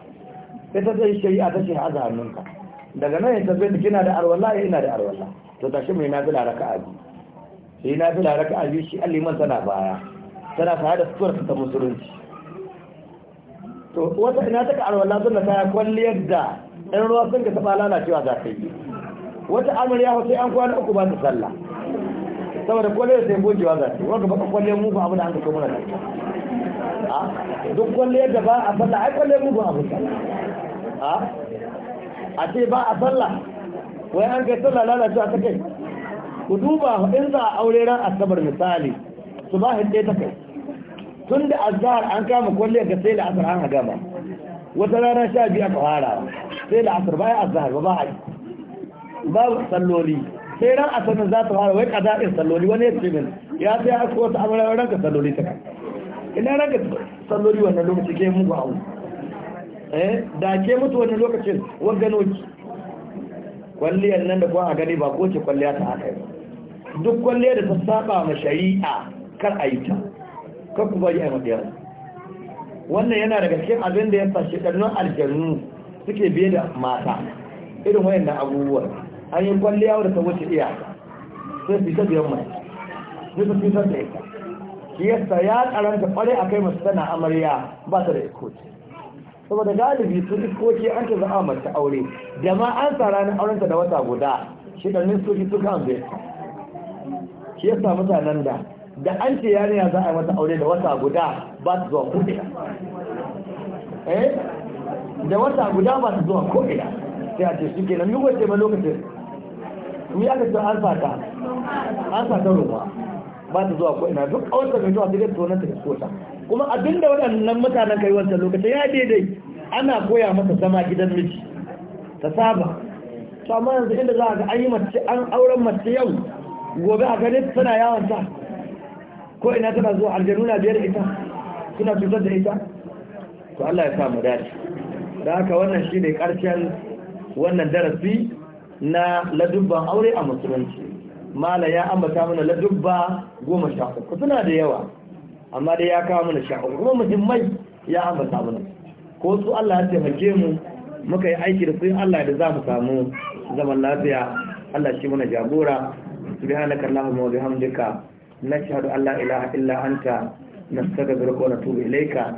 sai ta sai shari'a ta ce daga nan ta zai kina da arwala eh, ina da arwala to tashi mai nafila raka'a biyu sai nafila raka'a biyu shi alliman tana baya tana tare da suwar ta musulunci to wata ina taka alwala arwala sunna ta kwalliyar da ɗan ruwa sun ka taɓa lalacewa za ta yi wata amarya ya sai an kwana uku ba ta sallah saboda kwalle sai gojewa za ta yi wanda baka kwalle mu ba abu da an ka kuma da ah, duk kwalle da ba a sallah ai kwalle mu ba abu ah, a ce ba a salla. wai an kai salla lalacewa ta kai ku duba in za a aure ran asabar misali su ba hidde ta kai tun da azhar an kama kwalle ga sai da asar an haga ba wata rana sha biyu aka fara sai da asar bayan azhar ba ba a yi babu salloli sai ran asanin za ta fara wai kaza in salloli wani ya ce min ya sai ya ko ta ran ranka salloli ta kai ina ranka salloli wannan lokaci ke mu a eh da ke mutu wannan lokacin wagano ki kwalliyar nan da kuma a gani ba koce kwalliya ta haka duk kwalliya da ta saba ma shari'a kar a yi ta kar ku yi a yi wannan yana daga cikin abin da ya fashe ɗannan aljannu suke biye da mata irin wayan da abubuwan an yi kwalliya da ta wuce iya sai fita biyan mai ne su fitar da ita yasta ya karanta kware a kai masu tana amarya ba ta da ikoci saboda galibi su ikoci an ta za'a mace aure da ma an sa ranar aurenta da wata guda shi da nistoci su kan zai shi yasta mutanen da da an ce yariya za a yi mata aure da wata guda ba su zuwa kuɗi da wata guda ba su zuwa ko ina sai a ce shi ke nan yugo ce ma lokacin mu ya kace an sata an sata ruwa ba ta zuwa ko ina duk wata mai zuwa gidan to nan ta ko ta kuma abinda waɗannan mutanen kai wancan lokacin ya daidai ana koya masa sama gidan miji ta saba to amma yanzu inda za a ga an yi mace an auren mace yau gobe a gare tana yawon ta ko ina tana zuwa aljanu na biyar ita suna cutar da ita to Allah ya sa mu dace da haka wannan shi ne ƙarshen wannan darasi na ladubban aure a musulunci mala ya ambata mana ladubba goma sha uku suna da yawa amma dai ya kawo mana sha uku kuma muhimmai ya ambata mana ko su Allah ya taimake mu muka yi aiki da su Allah da za mu samu zaman lafiya Allah shi mana jagora subhanaka allahumma wa bihamdika nashhadu an la ilaha illa anta nastaghfiruka wa natubu ilayka